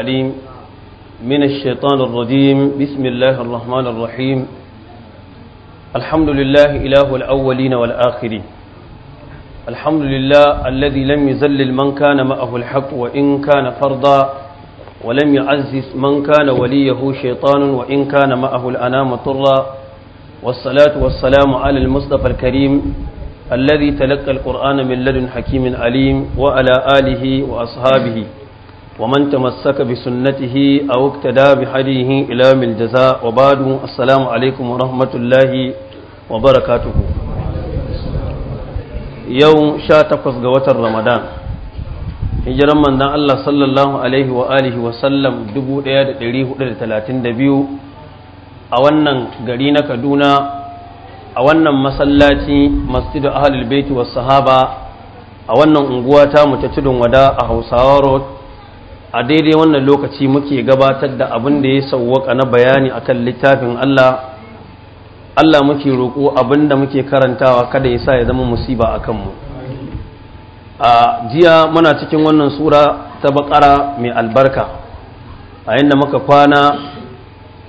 العليم من الشيطان الرجيم بسم الله الرحمن الرحيم الحمد لله إله الأولين والآخرين الحمد لله الذي لم يزلل من كان معه الحق وإن كان فرضا ولم يعزز من كان وليه شيطان وإن كان معه الأنام طرا والصلاة والسلام على المصطفى الكريم الذي تلقى القرآن من لدن حكيم عليم وعلى آله وأصحابه ومن تمسك بسنته أو اقتدى بحديه إلى من الجزاء وبعد السلام عليكم ورحمة الله وبركاته يوم شاتقص قوة رمضان hijiran manzon Allah sallallahu alaihi wa alihi wa sallam 1432 a wannan gari na Kaduna a wannan masallaci Masjid Ahlul Bait wa Sahaba a wannan unguwa ta mu ta tudun wada a Hausawa Road a daidai wannan lokaci muke gabatar da abin da ya sauwaka na bayani akan littafin Allah Allah muke roƙo abin da muke karantawa kada ya sa ya zama musiba a kanmu a jiya muna cikin wannan sura ta bakara mai albarka a inda muka kwana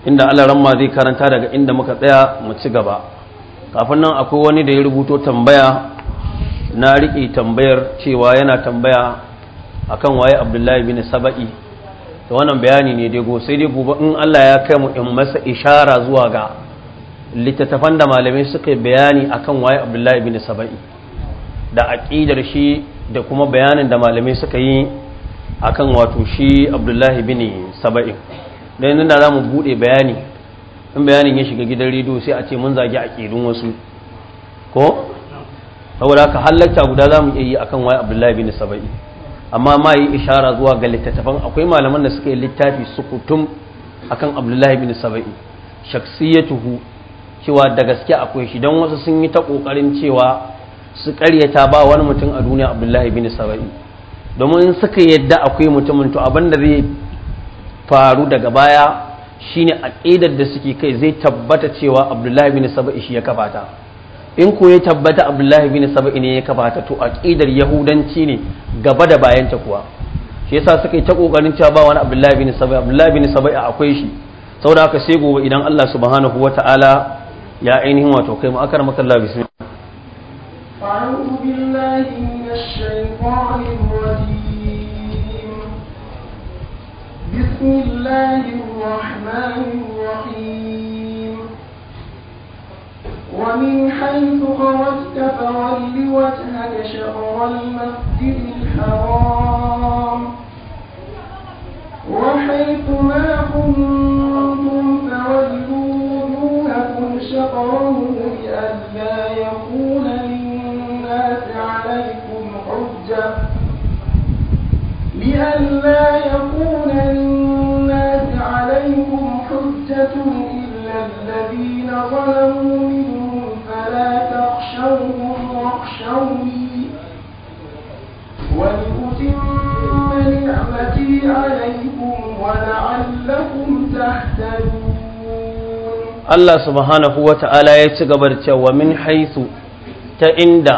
inda Allah ramma zai karanta daga inda muka tsaya mu ci gaba kafin nan akwai wani da ya rubuto tambaya na riƙe tambayar cewa yana tambaya akan waye abdullahi bin saba'i da wannan bayani ne dai sai dai gobe in Allah ya kai mu in masa ishara zuwa ga littattafan da malamai suka bayani akan waye abdullahi bin saba'i da aqidar shi da kuma bayanin da malamai suka yi akan wato shi abdullahi bin saba'i da yanzu da za mu buɗe bayani in bayanin ya shiga gidan rediyo sai a ce mun zagi aƙidun wasu ko saboda ka halatta guda zamu iya yi akan waye abdullahi bin saba'i amma ma yi ishara zuwa ga littattafan akwai malaman da suka yi littafi sukutum akan abdullahi bin saba'i shaksiyatuhu cewa da gaske akwai shi don wasu sun yi ta kokarin cewa su karyata ba wani mutum a duniya abdullahi bin saba'i domin in suka yadda akwai mutumin to abin da zai faru daga baya shine aqidar da suke kai zai tabbata cewa abdullahi bin saba'i shi ya kafa in ko ya tabbata abdullahi bin saba'i ne ya kabata to aqidar yahudanci ne gaba da bayanta kuwa shi yasa suka yi ta kokarin cewa ba wani abdullahi bin saba'i abdullahi bin saba'i akwai shi saboda haka sai gobe idan Allah subhanahu wata'ala ya ainihin wato kai mu akar maka Allah bismillah أعوذ billahi minash الشيطان rajim bismillahir rahmanir rahim ومن حيث خرجت فول وجهك شطر المسجد الحرام وحيث ما كنتم فولوا وجوهكم شطره لئلا يكون للناس عليكم حجة لئلا يكون للناس عليكم حجة إلا الذين ظلموا منهم allah subhanahu ولأتم نعمتي عليكم ولعلكم تهتدون الله سبحانه min ta ta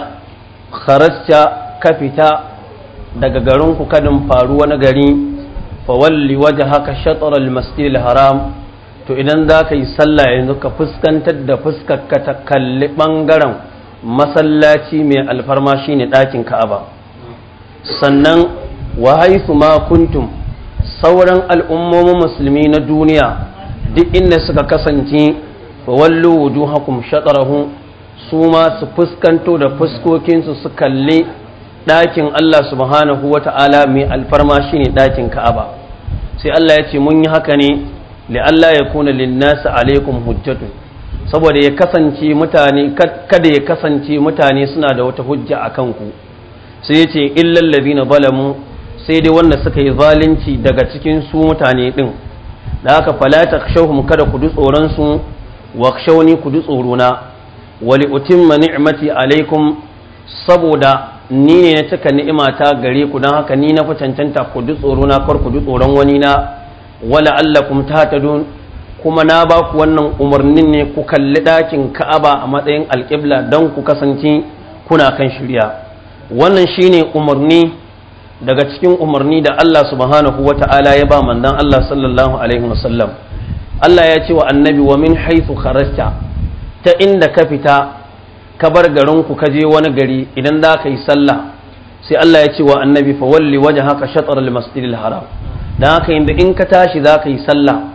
kharasta ka ka fita daga garinku kadin faru wani gari fa fawalli waje haka shatar almasjidil haram to idan za ka yi sallah yanzu ka fuskantar da ka ta kalli ɓangaren masallaci mai alfarma shine ɗakin ka'aba sannan wa haifu ma kuntum sauran al'ummomin musulmi na duniya duk inda suka kasance wallo wujuhakum shatarahu su ma su fuskanto da fuskokinsu su kalli ɗakin Allah subhanahu wa ta'ala mai alfarma shine ɗakin ka'aba sai Allah ya ce mun yi haka ne Allah ya kuna linnasa alaikum hujjatun saboda ya kasance mutane kada ya kasance mutane suna da wata hujja a kanku sai ya ce lallabi na balamu, sai dai wanda suka yi zalunci daga cikin su mutane ɗin. da haka falata takhshawhum kada ku du tsoron su wa shauni ku du tsorona wali utin ma ni'amati alaikum saboda ni ne na cika ni'imata gare ku don haka ni na fi cancanta ku du tsorona kar ku du tsoron wani na wala allakum tahtadun kuma na ba ku wannan umarnin ne ku kalli ɗakin ka'aba a matsayin alƙibla don ku kasance kuna kan shirya wannan shine umarni daga cikin umarni da Allah subhanahu wa Ta'ala ya ba mandan Allah sallallahu alaihi wasallam Allah ya ce wa annabi wa min haythu kharajta ta inda ka fita ka bar garinku ka je wani gari idan za ka yi sallah sai Allah ya ce wa annabi fa walli wajhaka shatr al masjidil haram dan haka inda in ka tashi za ka yi sallah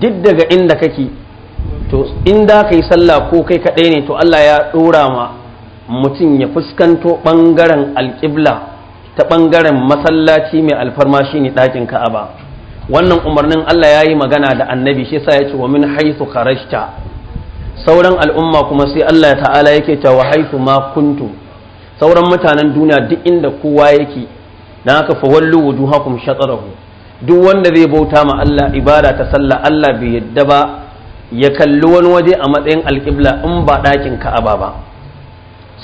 duk daga inda kake to in da ka yi sallah ko kai kaɗai ne to Allah ya ɗora ma mutum ya fuskanto ɓangaren alƙibla ta ɓangaren masallaci mai alfarma shi ne ɗakin ka'aba wannan umarnin Allah ya yi magana da annabi shi sa ya ce wa min haithu kharajta sauran al'umma kuma sai Allah ya ta'ala yake ta wa haithu ma kuntu. sauran mutanen duniya duk inda kowa yake na haka fa wallu wujuhakum shatarahu duk wanda zai bauta ma Allah ibada ta sallah Allah bai yadda ba ya kalli wani waje a matsayin alƙibla in ba ɗakin ka'aba ba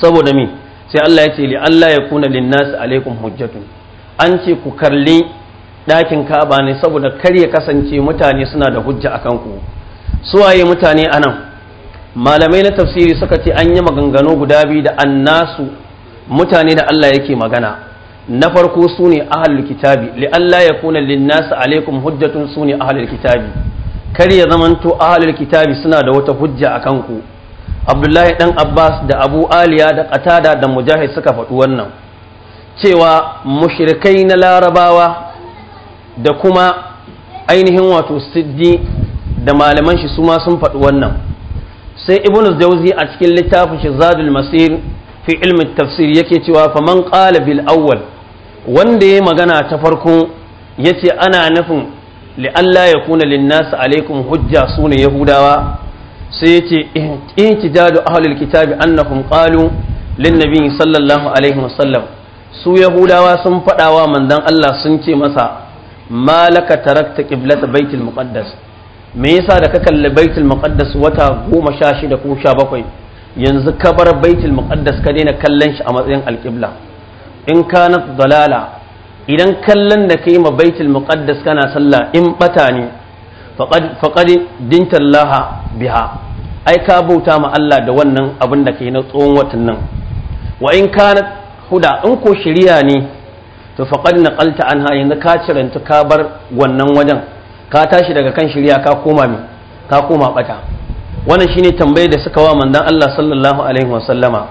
saboda me sai Allah ya ce li Allah ya kuna linnasi alaikum hujjatun an ce ku kalli ɗakin ka'aba ne saboda kar ya kasance mutane suna da hujja akan ku waye mutane anan malamai na tafsiri suka ce an yi maganganu guda biyu da annasu mutane da Allah yake magana na farko su ne ahalul kitabi li'alla ya kuna linnasa alaikum hujjatun su ne ahalul kitabi kar ya zamanto ahalul kitabi suna da wata hujja a kanku abdullahi ɗan abbas da abu aliya da qatada da mujahid suka faɗi wannan cewa mushrikai na larabawa da kuma ainihin wato siddi da malaman shi su ma sun faɗi wannan sai ibnu jauzi a cikin littafin shi zadul masir fi ilmin tafsir yake cewa faman qala bil awwal wanda ya magana ta farko ya ce ana nufin la'alla ya kuna linnasu alaikun hujja su ne yahudawa sai ya ce in ki jadu ahalul kitabi annahum qalu linnabi sallallahu alaihi wasallam su yahudawa sun faɗawa manzon Allah sun ce masa malaka tarakta qiblat baitul muqaddas me yasa da ka kalli baitul muqaddas wata goma sha shida ko sha bakwai yanzu ka bar baitul muqaddas ka daina kallon shi a matsayin alƙibla in kanat dalala idan kallon da ka yi ma baitul muqaddas kana sallah in bata ne faqad dinta Allah biha ai ka bauta ma Allah da wannan abin da kai na tsohon watan nan wa in kanat huda in ko shiriya ne to faqad naqalta anha yanzu ka ciranta ka bar wannan wajen ka tashi daga kan shiriya ka koma mi ka koma bata wannan shine tambayar da suka wa manzon Allah sallallahu alaihi wasallama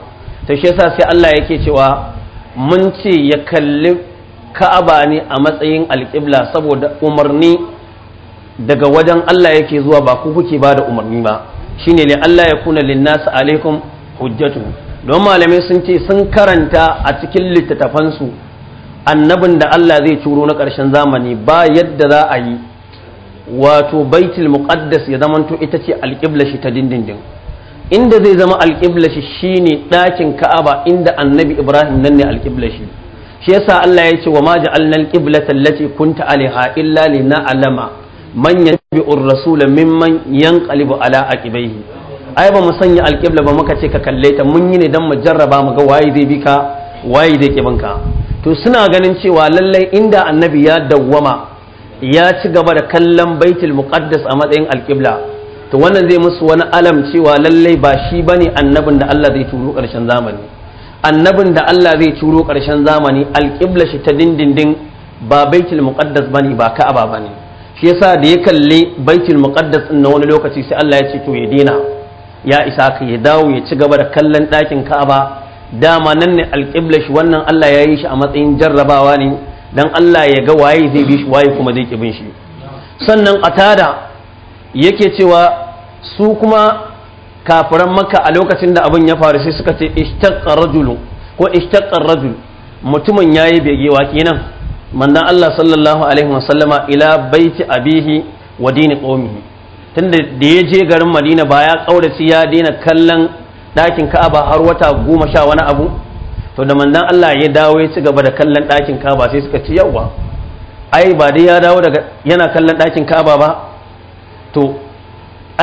to shi yasa sai Allah yake cewa mun ce ya kalli ka'aba ne a matsayin alƙibla saboda umarni daga wajen Allah yake zuwa ba ku kuke ba da umarni ba Shi ne Allah ya kuna linnasa alaikum hujjatu don malamai sun ce sun karanta a cikin littattafansu annabin da Allah zai turo na ƙarshen zamani ba yadda za a yi wato baitul muqaddas ya zamanto ita ce alƙibla shi ta dindindin inda zai zama alƙibla shi ne ɗakin ka'aba inda annabi ibrahim nan ne alƙibla shi shi yasa Allah ya ce wa ma ja'alna alqiblata allati kunta aliha illa alama man yattabi'u rasula mimman yanqalibu ala aqibaihi ai ba mu sanya alƙibla ba muka ce ka kalle ta mun yi ne dan mu jarraba mu ga waye zai bi ka waye zai ki ka to suna ganin cewa lallai inda annabi ya dawwama ya ci gaba da kallon baitul muqaddas a matsayin alƙibla. to wannan zai musu wani alam cewa lallai ba shi ne annabin da Allah zai turo ƙarshen zamani annabin da Allah zai turo ƙarshen zamani alƙibla shi ta dindindin ba baitul muqaddas bane ba ka'aba bane shi yasa da ya kalli baitul muqaddas din na wani lokaci sai Allah ya ce to ya dina ya isa ka ya dawo ya ci gaba da kallon ɗakin ka'aba dama nan ne alƙibla shi wannan Allah ya yi shi a matsayin jarrabawa ne dan Allah ya ga waye zai bi shi waye kuma zai ƙi bin shi sannan a atada yake cewa su kuma kafiran maka a lokacin da abin ya faru sai suka ce ishtaqqa rajulun ko ishtaqqa rajul mutumin yayi begewa kenan manzon Allah sallallahu alaihi wasallama ila baiti abihi wa dini qaumihi tunda da ya je garin Madina ba ya kaurace ya daina kallon ɗakin Ka'aba har wata goma sha wani abu to da manzon Allah ya dawo ya ci gaba da kallon ɗakin Ka'aba sai suka ce yawa ai ba dai ya dawo daga yana kallon ɗakin Ka'aba ba to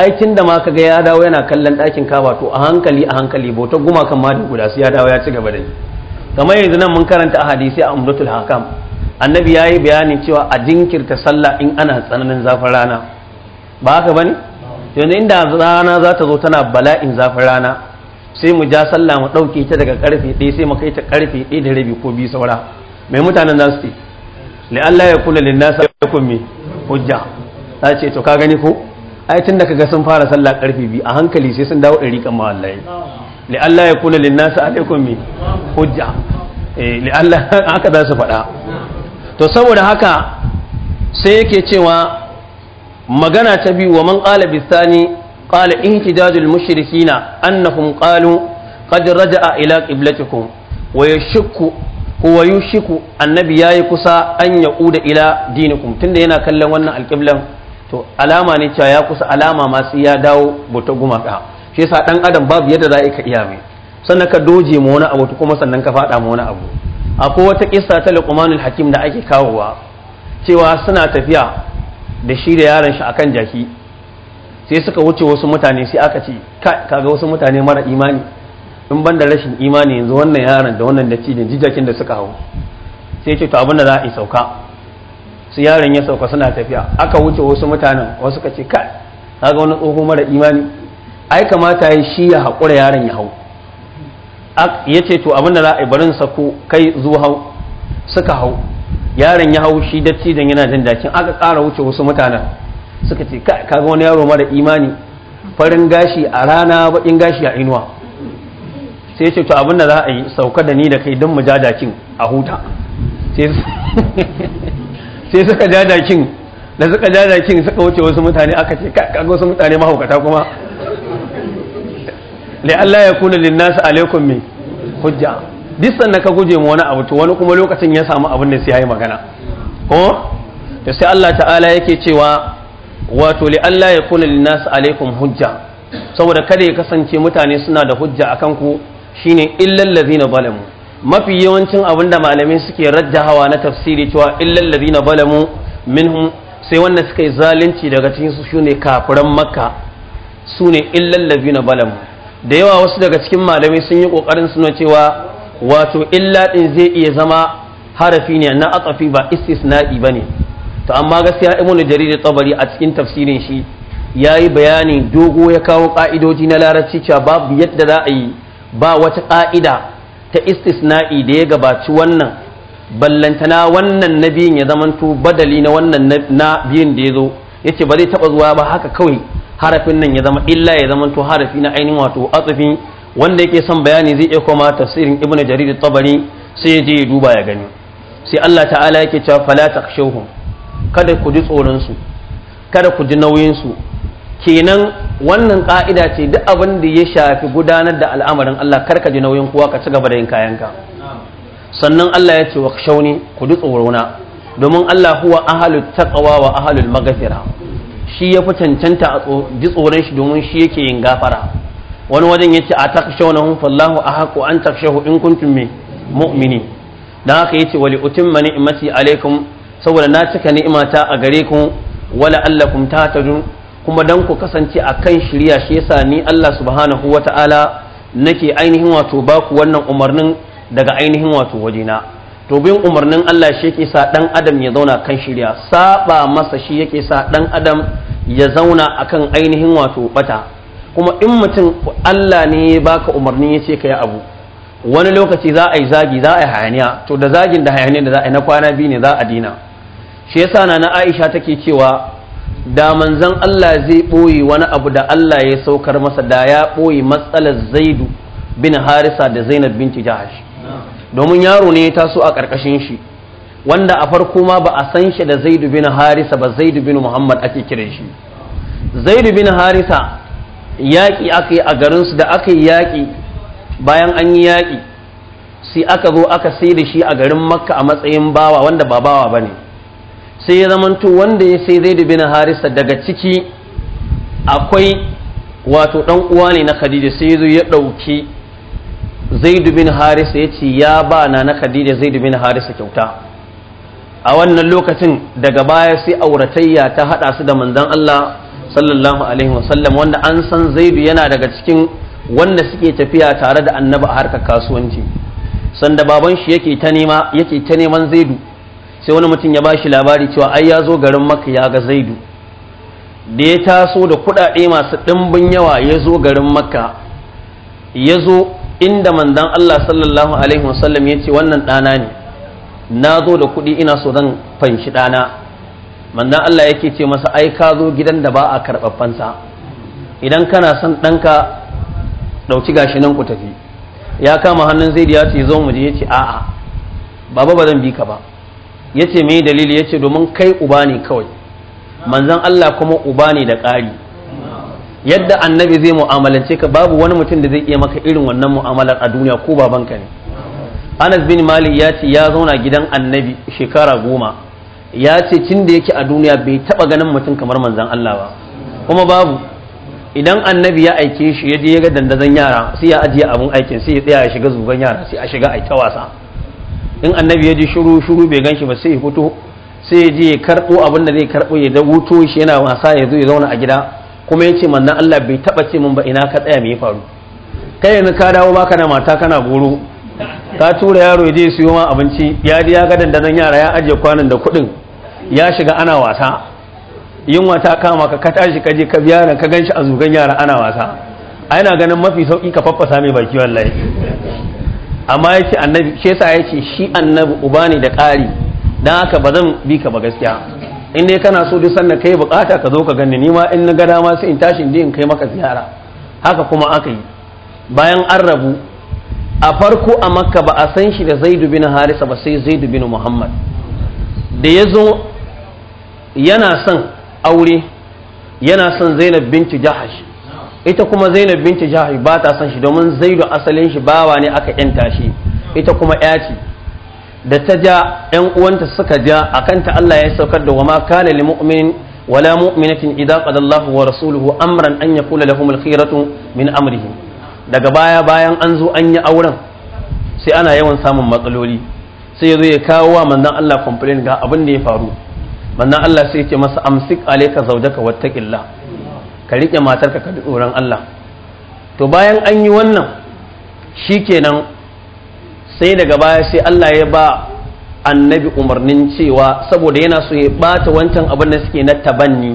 aikin da ma ka ga ya dawo yana kallon ɗakin kaba to a hankali a hankali bautar gumakan ma da guda su ya dawo ya ci gaba da yi kamar yanzu nan mun karanta a hadisi a umdatul hakam annabi ya yi bayanin cewa a jinkirta sallah in ana tsananin zafin rana ba haka ba ne yanzu inda rana za ta zo tana bala'in zafin rana sai mu ja sallah mu ɗauke ta daga karfe ɗaya sai mu kai ta karfe ɗaya da rabi ko biyu saura mai mutanen za su ce ya kula lin ya kun hujja ta ce to ka gani ko ai tun da kaga sun fara sallah karfe biyu a hankali sai sun dawo ɗari kan mawallaye li Allah ya kula lin nasu alaikum mi hujja eh, li Allah haka za su faɗa to saboda haka sai yake cewa magana ta biyu wa man qala bisani qala ihtijajul mushrikin annahum qalu qad raja'a ila qiblatikum wa yashku huwa yushku annabi yayi kusa an yauda ila dinikum tunda yana kallon wannan alqiblan to alama ne cewa ya kusa alama masu ya dawo bauta gumaka shi yasa dan adam babu yadda za ka iya mai sannan ka doje ma wani abu kuma sannan ka faɗa ma wani abu akwai wata kissa ta luqmanul hakim da ake kawowa cewa suna tafiya da shi da yaron shi akan jaki sai suka wuce wasu mutane sai aka ce kaga wasu mutane mara imani in ban da rashin imani yanzu wannan yaron da wannan da jijjakin da suka hau sai ce to abin da za a yi sauka su yaron ya sauka suna tafiya aka wuce wasu mutanen wasu ka ce kai kaga wani tsoho mara imani ai kamata ya shi ya haƙura yaron ya hau ya ce to abin da za a barin sako kai zu hau suka hau yaron ya hau shi dattijan yana jin dakin aka ƙara wuce wasu mutanen suka ce kaga wani yaro mara imani farin gashi a rana baƙin gashi a inuwa sai ce to abin da za a yi sauka da ni da kai don mu ja dakin a huta sai suka jajakin da suka jajakin suka wuce wasu mutane aka ce kaga wasu mutane mahaukata kuma Lai Allah ya kuna lin nas alaikum min hujja dissan da ka guje mu wani abu to wani kuma lokacin ya samu abin da sai yayi magana ko to sai Allah ta'ala yake cewa wato li Allah ya kuna lin nas alaikum hujja saboda kada ya kasance mutane suna da hujja akan ku shine illal ladina zalamu mafi yawancin abin da malamai suke hawa na tafsiri cewa illal ladina balamu minhum sai wanda suka yi zalunci daga cikin su shine kafiran makka sune illal ladina balamu da yawa wasu daga cikin malamai sun yi kokarin suna cewa wato illa din zai iya zama harafi ne na atsafi ba istisna'i bane to amma gaskiya ibnu jarir tabari a cikin tafsirin shi yayi bayani dogo ya kawo ka'idoji na larabci cewa babu yadda za a yi ba wata ka'ida ta istisna'i da ya gabaci wannan ballantana wannan na biyun ya zamanto badali na wannan na biyun da ya zo ya ce ba zai taɓa zuwa ba haka kawai harafin nan ya zama illa ya zamanto harafi na ainihin wato atsufi wanda yake son bayani zai iya koma tafsirin ibnu jarir tabari sai ya je ya duba ya gani sai Allah ta'ala yake cewa fala takshawhum kada ku ji tsoron su kada ku ji nauyin su kenan wannan ka'ida ce duk abin da ya shafi gudanar da al'amarin Allah karka ji nauyin kowa ka ci gaba da yin kayanka sannan Allah ya ce wa shauni ku duk tsorona domin Allah huwa ahalul taqwa wa ahalul maghfira shi ya fi cancanta a ji tsoron shi domin shi yake yin gafara wani wajen yace a takshawna fallahu ahaqu an takshahu in kuntum mu'mini dan haka yace wali utimma ni'mati alaikum saboda na cika ni'imata a gare ku wala allakum tatadun kuma dan ku kasance a kan shirya shi yasa ni Allah subhanahu wa ta'ala nake ainihin wato baku wannan umarnin daga ainihin wato wajena to bin umarnin Allah shi yake sa dan adam ya zauna kan shirya saba masa shi yake sa dan adam ya zauna akan ainihin wato bata kuma in mutum Allah ne ya baka umarni ya ce ka yi abu wani lokaci za a yi zagi za a yi hayaniya to da zagin da hayaniya da za a yi na kwana biyu ne za a dina shi yasa na na Aisha take cewa da manzon Allah zai ɓoye wani abu da Allah ya saukar masa da ya ɓoye matsalar zaidu bin harisa da zainab binti jahash domin yaro ne ya taso a ƙarƙashin shi wanda a farko ma ba a san shi da zaidu bin harisa ba zaidu bin muhammad ake kiran shi zaidu bin harisa yaƙi aka yi a garinsu da aka yi yaƙi bayan an yi yaƙi sai aka zo aka sai da shi a garin makka a matsayin bawa wanda ba bawa ba ne sai ya zamanto wanda ya sai zaidu bin harisa daga ciki akwai wato dan uwa ne na khadija sai ya ya ɗauki zaidu bin harisa ya ce ya ba na na khadija zaidu bin harisa kyauta a wannan lokacin daga baya sai auratayya ta haɗa su da manzon Allah sallallahu alaihi wasallam wanda an san zaidu yana daga cikin wanda suke tafiya tare da annabi a harkar kasuwanci sanda baban shi yake ta nema yake ta neman zaidu sai wani mutum ya bashi labari cewa ai ya zo garin maka ya ga zaidu da ya taso da kuɗaɗe masu ɗimbin yawa ya zo garin makka ya zo inda mandan Allah sallallahu alaihi wasallam ya ce wannan ɗana ne na zo da kuɗi ina so zan fanshi ɗana mandan Allah yake ce masa ai ka zo gidan da ba a karɓaffansa idan kana son ɗanka ɗauki gashi nan ku tafi ya kama hannun zai ya ce zo mu je ya ce a'a baba ba zan bi ka ba ya ce mai dalili ya ce domin kai uba ne kawai manzan Allah kuma uba ne da ƙari yadda annabi zai mu'amalance ka babu wani mutum da zai iya maka irin wannan mu'amalar a duniya ko babanka ne anas bin malik ya ce ya zauna gidan annabi shekara goma ya ce cin da yake a duniya bai taba ganin mutum kamar manzan Allah ba kuma babu idan annabi ya aike shi ya je ya ga dandazan yara sai ya ajiye abin aikin sai ya tsaya ya shiga zuban yara sai a shiga a ta wasa in annabi ya ji shuru shuru bai shi ba sai ya fito sai ya je ya karɓo abin da zai karɓo ya wuto shi yana wasa ya zo ya zauna a gida kuma ya ce manna Allah bai taɓa ce min ba ina ka tsaya mai faru kai yanzu ka dawo baka da mata kana goro ka tura yaro ya je siyo ma abinci ya ji ya ga dandanan yara ya ajiye kwanan da kuɗin ya shiga ana wasa yunwa ta kama ka ka tashi ka je ka biya ka gan shi a zugan yara ana wasa a yana ganin mafi sauki ka faffasa mai baki wallahi amma ya ce annabi shi yasa ya ce shi annabi uba ne da ƙari don haka ba zan bi ka ba gaskiya in dai kana so duk sannan kai bukata ka zo ka gani ni ma in na gada dama sai in tashi in in kai maka ziyara haka kuma aka yi bayan an rabu a farko a makka ba a san shi da zaidu bin harisa ba sai zaidu bin muhammad da ya zo yana son aure yana son zainab binci jahash ita kuma zainab binti jahash ba ta son shi domin zaidu asalin shi bawa ne aka yanta shi ita kuma ya ce da ta ja yan uwanta suka ja a kanta Allah ya saukar da wama kana li mu'min wala mu'minatin idza qada Allahu wa rasuluhu amran an yakula lahum al-khiyaratu min amrihim daga baya bayan an zo an yi auren sai ana yawan samun matsaloli sai ya zo ya kawo wa manzon Allah complain ga abin da ya faru manzon Allah sai ya ce masa amsik alayka zawjaka wattaqillah ka riƙe matarka ka tsoron Allah to bayan an yi wannan shikenan sai daga baya sai Allah ya ba annabi umarnin cewa saboda yana so ya bata wancan abin da suke na tabanni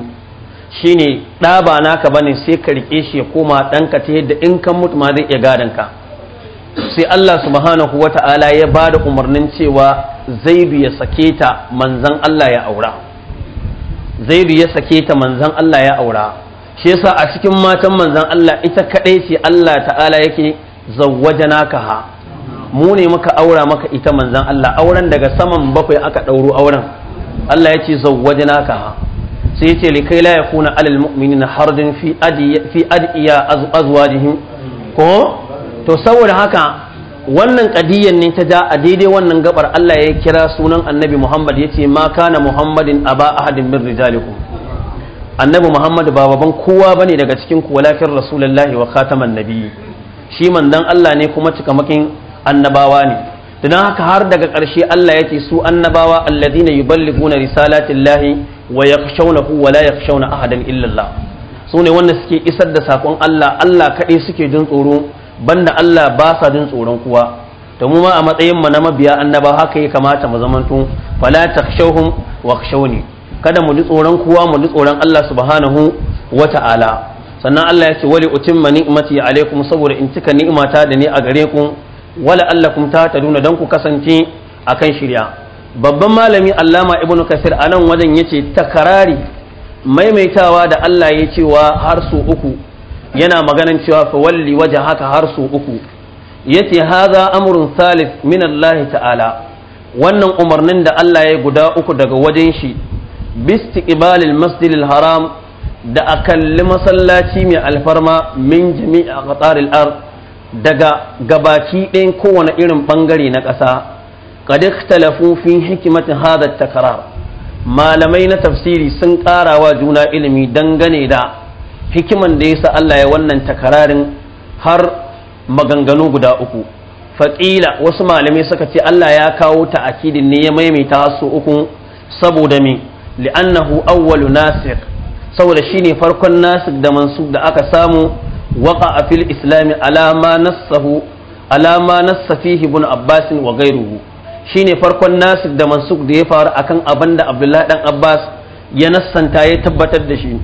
shine ɗa ba naka bane sai ka riƙe shi ya koma ɗanka ta yadda in kan mutu ma zai iya gadon ka sai Allah subhanahu wata'ala ya ba da umarnin cewa zaidu ya sake ta manzan Allah ya aura zaidu ya sake ta manzan Allah ya aura shi yasa a cikin matan manzan Allah ita kadai ce Allah ta'ala yake zawwajana ka ha mu ne muka aura maka ita manzon Allah auren daga saman bakwai aka dauro auren Allah ya ce zawwajana ka ha sai yace li kai la yakuna alal mu'minina harjun fi adi fi adiya azwajihim ko to saboda haka wannan kadiyan ne ta ja a daidai wannan gabar Allah ya kira sunan annabi Muhammad yace ce ma kana Muhammadin aba ahadin min rijalikum annabi muhammad ba baban kowa bane daga cikin ku walakin rasulullahi wa khataman nabiyyi shi mandan Allah ne kuma cikamakin annabawa ne dan haka har daga karshe Allah yake su annabawa alladhina yuballighuna risalatillahi wa yakhshawnahu wa la yakhshawna ahadan illa Allah su ne wanda suke isar da sakon Allah Allah kaɗai suke jin tsoro banda Allah ba sa jin tsoron kowa to mu ma a matsayin mu na mabiya annabawa haka ya kamata mu zamanto fala takhshawhum wa khshawni kada mu ji tsoron kowa mu ji tsoron Allah subhanahu wa ta'ala sannan Allah ya ce wali utimma ni'mati alaikum saboda in cika ni'imata da ni a gare ku wala allakum duna dan ku kasance akan shirya babban malami Allama ibnu kasir a nan wajen yace takarari maimaitawa da Allah ya cewa har su uku yana maganan cewa fa walli haka har su uku yace haza amrun salis min Allah ta'ala wannan umarnin da Allah ya guda uku daga wajen shi bistiqbalil masjidil haram da a kalli masallaci mai alfarma min jami'a qataril ard daga gabaki ɗayan kowane irin bangare na ƙasa qad ikhtalafu fi hikmatin hadha malamai na tafsiri sun ƙara wa juna ilimi dangane da hikiman da ya sa Allah ya wannan takararin har maganganu guda uku faƙila wasu malamai suka ce Allah ya kawo ta akidin ne ya maimaita su uku saboda me li'annahu awwalu nasir saboda shine farkon nasir da mansub da aka samu waka a fil islami alama nassahu alama nassa fihi ibn abbas wa ghayruhu shine farkon nasir da mansub da ya faru akan abin da abdullahi dan abbas ya nassanta ya tabbatar da shi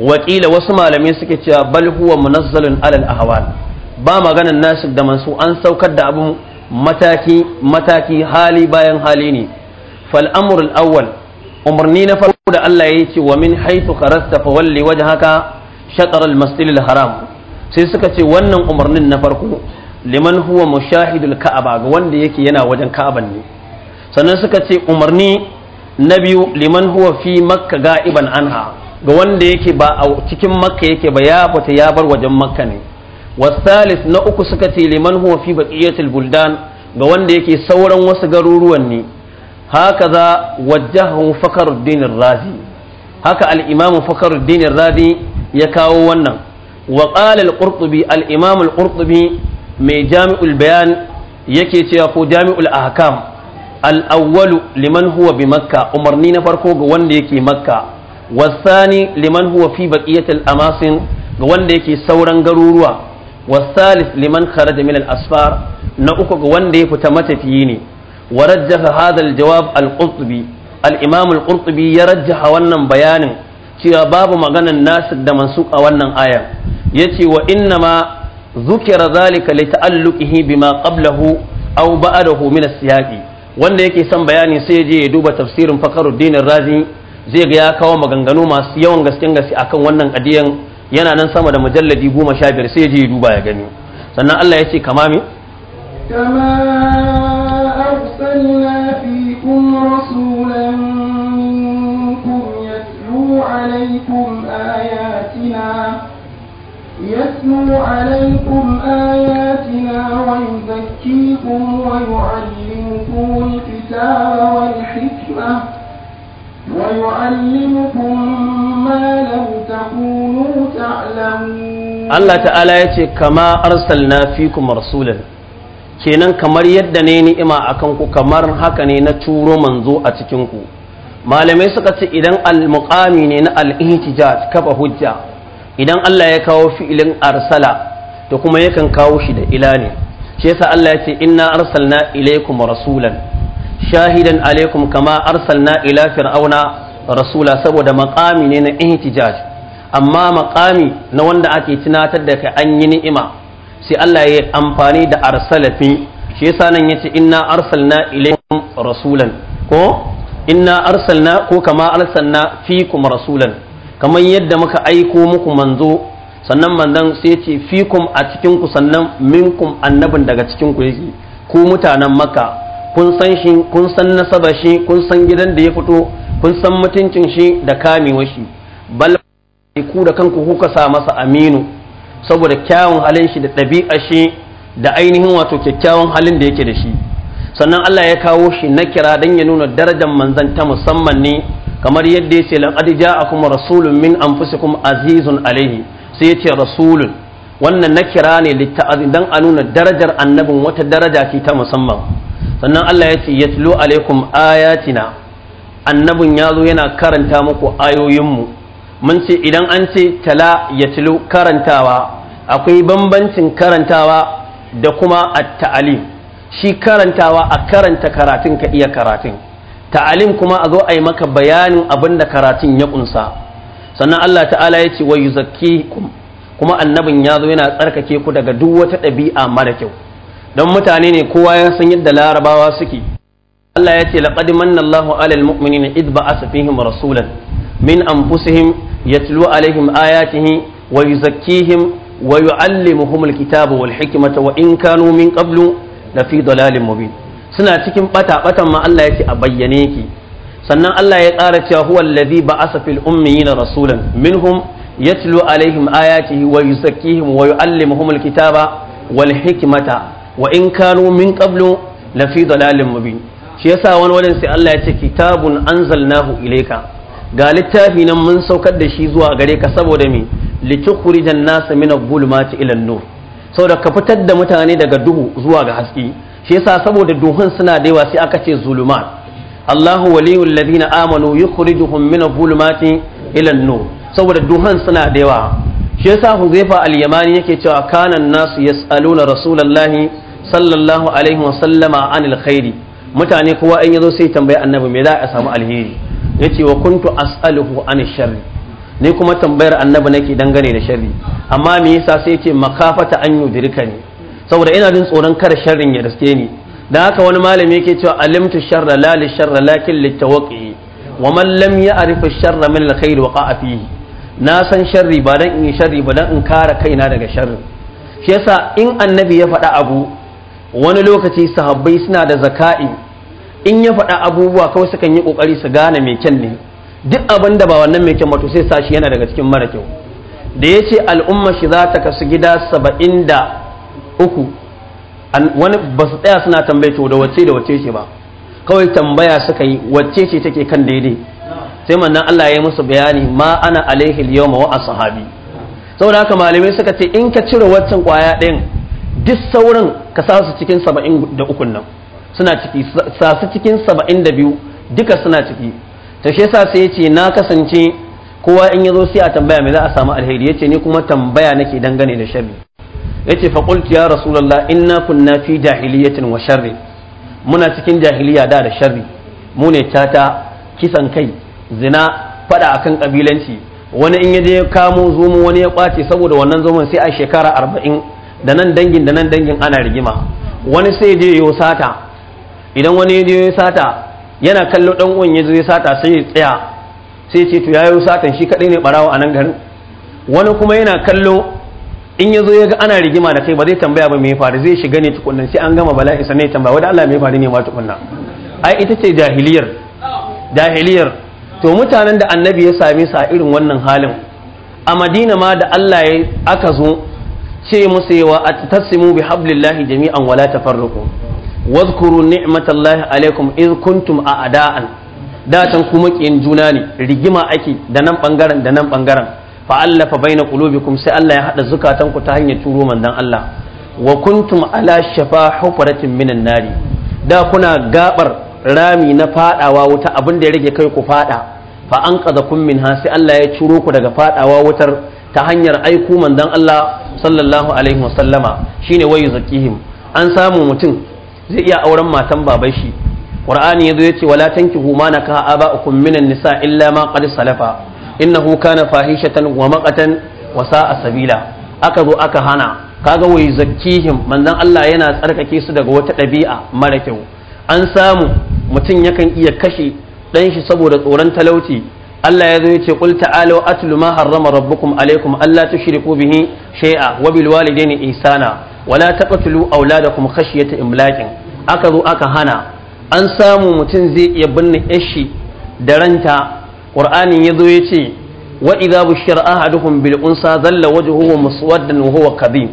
wakila wasu malamai suke cewa bal huwa munazzalun alal ahwal ba maganan nasir da mansu an saukar da abin mataki mataki hali bayan hali ne fal amrul awwal umarni na farko da Allah ya ce wa min haythu kharasta fa walli wajhaka shatr al-masjid al-haram sai suka ce wannan umarnin na farko liman huwa mushahidul ka'aba ga wanda yake yana wajen ka'aban ne sannan suka ce umarni na biyu liman huwa fi makka ga'iban anha ga wanda yake ba a cikin makka yake ba ya bata ya bar wajen makka ne wasalis na uku suka ce liman huwa fi baqiyatil buldan ga wanda yake sauran wasu garuruwan ne hakaza wajjahu fakar ar-razi haka al fakar fakhruddin razi ya kawo wannan wa qala al-qurtubi al mai jami'ul bayan yake cewa ko jami'ul ahkam al-awwalu liman huwa bi makka umarni na farko ga wanda yake makka wasani liman huwa fi baqiyatil amasin ga wanda yake sauran garuruwa wasalis liman kara min asfar na uku ga wanda ya fita matafiyi ne ورجح هذا الجواب القرطبي الإمام القرطبي يرجح wannan bayanin cewa babu maganan nasir da mansuk a wannan aya yace wa innama zukira zalika li ta'alluqihi bima qablahu aw ba'dahu min as-siyaqi wanda yake son bayani sai je ya duba tafsirin Fakhruddin Razi zai ga ya kawo maganganu masu yawan gasken gaske akan wannan kadiyan yana nan sama da mujalladi 15 sai je ya duba ya gani sannan Allah ya kama kamami. أرسلنا فيكم رسولا منكم يتلو عليكم آياتنا يتلو عليكم آياتنا ويزكيكم ويعلمكم الكتاب والحكمة ويعلمكم ما لم تكونوا تعلمون الله تعالى يتي كما أرسلنا فيكم رسولا kenan kamar yadda ne ni'ima a kanku kamar haka ne na turo manzo a cikinku. malamai suka ce idan al-muqami ne na al-ihtijaj kafa hujja idan Allah ya kawo fi'ilin arsala to kuma yakan kawo shi da ila ne shi yasa Allah ya ce inna arsalna ilaykum rasulan shahidan alaykum kama arsalna ila fir'auna rasula saboda maqami ne na ihtijaj amma maqami na wanda ake tunatar da kai an yi ni'ima sai Allah ya yi amfani da arsalafi shi yasa nan yace inna arsalna ilaykum rasulan ko inna arsalna ko kama arsalna fikum rasulan kamar yadda muka aiko muku manzo sannan manzon sai yace fikum a cikin ku sannan minkum annabin daga cikin ku yake ku mutanen makka kun san shi kun san nasaba shi kun san gidan da ya fito kun san mutuncin shi da kamewa shi bal ku da kanku kuka sa masa aminu saboda kyawun halin shi da ɗabi'a shi da ainihin wato kyakkyawan halin da yake da shi sannan Allah ya kawo shi na kira don ya nuna darajar manzan ta musamman ne kamar yadda ya ce a kuma rasulun min An kuma azizun alaihi sai ya ce rasulun wannan na kira ne don a nuna darajar annabin wata daraja ce ta musamman sannan Allah ya ce ya tulo alaikum ayatina annabin ya zo yana karanta muku ayoyinmu mun ce idan an ce tala ya tilo karantawa akwai bambancin karantawa da kuma a taalim shi karantawa a karanta karatun ka iya karatun ta'alim kuma a zo a yi maka bayanin abin da karatun ya kunsa sannan Allah ta'ala ya ce wa yuzakkikum kuma annabin ya zo yana tsarkake ku daga duk wata ɗabi'a mara kyau don mutane ne kowa ya san yadda larabawa suke Allah ya ce laqad manna Allahu 'alal mu'minina id ba'asa fihim rasulan min anfusihim yatlu alaihim ayatihi wa yuzakkihim wa yu'allimuhum alkitaba wal hikmata wa in kanu min qablu la fi dalalin mubin suna cikin bata batan ma Allah ya ce a bayyane ki sannan Allah ya ƙara cewa huwa allazi ba'asa fil ummiyina rasulan minhum yatlu alaihim ayatihi wa yuzakkihim wa yu'allimuhum alkitaba wal hikmata wa in qablu fi shi yasa wani wajen Allah ya ce kitabun anzalnahu ilayka ga littafi nan mun saukar da shi zuwa gare ka saboda me litukhrijan nasa min al-zulumati ila an-nur saboda ka fitar da mutane daga duhu zuwa ga haske shi yasa saboda duhun suna da yawa sai aka ce zulumat Allahu waliyul ladina amanu yukhrijuhum min al-zulumati ila an-nur saboda duhun suna da yawa shi yasa Huzaifa al-Yamani yake cewa kanan nasu yas'aluna rasulullahi sallallahu alaihi wa sallama anil khairi mutane kowa in yazo sai tambaya annabi me za a samu alheri yace wa kuntu as'aluhu an sharri ni kuma tambayar annabi nake dangane da sharri amma me yasa sai yace makafata an yudirka ne saboda ina jin tsoron kada sharrin ya raske ni dan haka wani malami yake cewa alimtu sharra la li sharra lakin litawaqi wa man lam ya'rif sharra min alkhair waqa'a fihi na san sharri ba dan in yi sharri ba dan in kare kaina daga sharrin shi yasa in annabi ya faɗa abu wani lokaci sahabbai suna da zaka'i in ya faɗa abubuwa kawai sukan yi ƙoƙari su gane mai kyan ne duk abin da ba wannan mai kyan to sai sa shi yana daga cikin mara kyau da ya ce al'umma shi za ta kasu gida saba'in da uku wani ba su tsaya suna tambaya to da wacce da wacce ce ba kawai tambaya suka yi wacce ce take kan daidai sai mannan Allah ya yi musu bayani ma ana alaihi yawma wa ashabi saboda haka malamai suka ce in ka cire waccan kwaya ɗin duk sauran ka sa su cikin saba'in da ukun nan suna ciki sasu cikin saba'in da biyu duka suna ciki ta shi sa sai ce na kasance kowa in ya zo sai a tambaya mai za a samu alheri ya ce ni kuma tambaya nake dangane da sharri ya ce faƙulti ya rasulallah inna kunna fi jahiliyatin wa sharri muna cikin jahiliya da da sharri mu ne tata kisan kai zina faɗa akan kabilanci wani in ya je kamo zomo wani ya kwace saboda wannan zumun sai a shekara arba'in da nan dangin da nan dangin ana rigima wani sai je yo sata idan wani ya je ya sata yana kallo dan uwan ya ya sata sai ya tsaya sai ce to yayi satan shi kadai ne barawo a nan garin wani kuma yana kallo in ya zo ya ga ana rigima da kai ba zai tambaya ba me ya faru zai shiga ne tukunan sai an gama bala'i sannan ya tambaya wanda Allah me ya faru ne ma tukunna ai ita ce jahiliyar jahiliyar to mutanen da annabi ya same su a irin wannan halin a madina ma da Allah ya aka zo ce musu yawa a tassimu bi hablillahi jami'an wala tafarruqu wadhkuru ni'matallahi alaikum iz kuntum a'da'an da can kuma kiyin juna ne rigima ake da nan bangaren da nan bangaren fa allafa baina qulubikum sai Allah ya haɗa zukatan ku ta hanyar turo manzon Allah wa kuntum ala shafa hufratin minan nari da kuna gaɓar rami na faɗawa wuta abin da ya rage kai ku faɗa. fa an qada kun minha sai Allah ya curo ku daga faɗawa wutar ta hanyar aiku manzon Allah sallallahu alaihi wasallama shine wayu zakihim an samu mutum zai iya auren matan baban shi qur'ani yazo yace wala tankihu ma naka aba'ukum minan nisa illa ma qad salafa innahu kana fahishatan wa maqatan wa sa'a sabila aka zo aka hana kaga wai zakkihim manzon Allah yana tsarkake su daga wata ɗabi'a mara kyau an samu mutum yakan iya kashe dan shi saboda tsoron talauci Allah ya zo ya ce qul ta'alu atlu ma harrama rabbukum alaikum alla tushriku bihi shay'a wa bil walidaini ihsana wala taqtulu auladakum khashyata imlaqin aka zo aka hana an samu mutum zai iya binne yashi da ranta qur'anin yazo yace wa idza bushira ahaduhum bil unsa zalla wajhuhu muswaddan wa huwa kadhib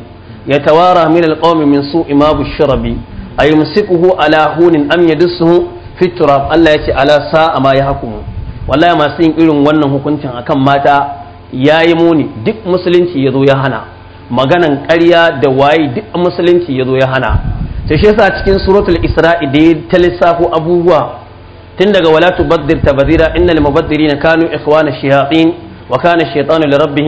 yatawara min al qawmi min su'i ma bushira bi ayumsikuhu ala hunin am yadsuhu fi turab Allah yace ala sa'a ma yahkumu wallahi masu yin irin wannan hukuncin akan mata yayi muni duk musulunci yazo ya hana maganan ƙarya da waye duk musulunci ya zo ya hana sai shi yasa cikin suratul isra'i da ta lissafo abubuwa tun daga wala tubaddir tabadira innal mubaddirina kanu ikhwana shayatin wa kana shaytanu li rabbih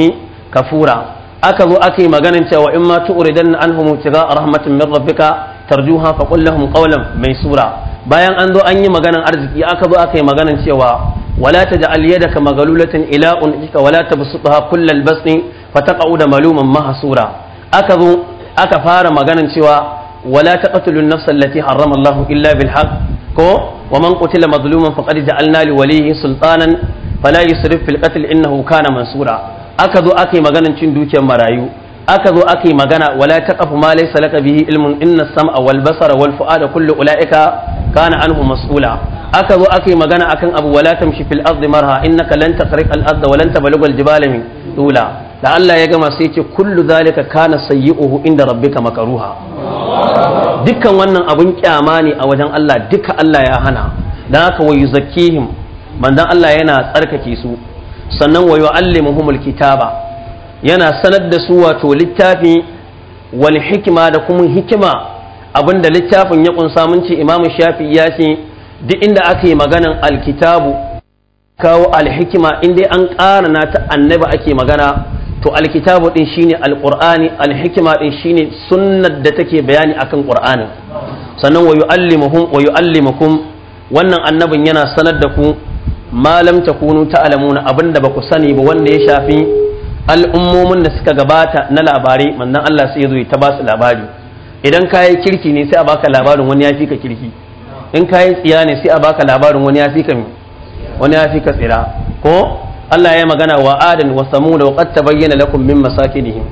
kafura aka zo aka yi maganan cewa in ma tu'ridanna anhum tiga rahmatin min rabbika tarjuha fa qul lahum qawlan maysura bayan an zo an yi maganan arziki aka zo aka yi maganan cewa wala taj'al yadaka magalulatan ila unjika wala tabsutha kullal basni fataqau da maluman mahsura aka zo aka fara maganan cewa wala taqtulun nafsa allati harrama Allah illa bil haqq ko wa man qutila mazluman faqad ja'alna li walihi sultanan fala yusrif fil qatl innahu kana mansura aka zo aka yi maganan cin dukiyar marayu aka zo aka yi magana wala taqafu ma laysa laka bihi ilmun inna sam'a wal basara wal fu'ada kullu ulaika kana anhu mas'ula aka zo aka yi magana akan abu wala tamshi fil ardi marha innaka lan taqriqa al arda wa lan tabalugha al jibala min dula da Allah ya gama sai ce kullu zalika kana sayyi'uhu inda rabbika makaruha dukkan wannan abun kyama ne a wajen Allah duka Allah ya hana dan haka wayu zakkihim manzon Allah yana tsarkake su sannan wayu allimuhumul kitaba yana sanar da su wato littafi wal hikima da kuma hikima abinda littafin ya kunsa mun ce Imam Shafi ya ce duk inda aka yi maganan alkitabu kawo alhikima inda an ƙara na ta annabi ake magana to alkitabu din shine alqur'ani alhikima din shine sunnar da take bayani akan ƙur'ani. sannan wa yu'allimuhum wa yu'allimukum wannan annabin yana sanar da ku malam takunu ta'lamuna abinda ba ku sani ba wanda ya shafi al'ummomin da suka gabata na labarai mannan Allah sai ya zo ta ba su labari idan kayi kirki ne sai a baka labarin wani ya fi ka kirki in kayi tsiya ne sai a baka labarin wani ya fi ka wani ya fi ka tsira ko Allah ya magana wa adan wa da wa ta tabayyana lakum min masakinihim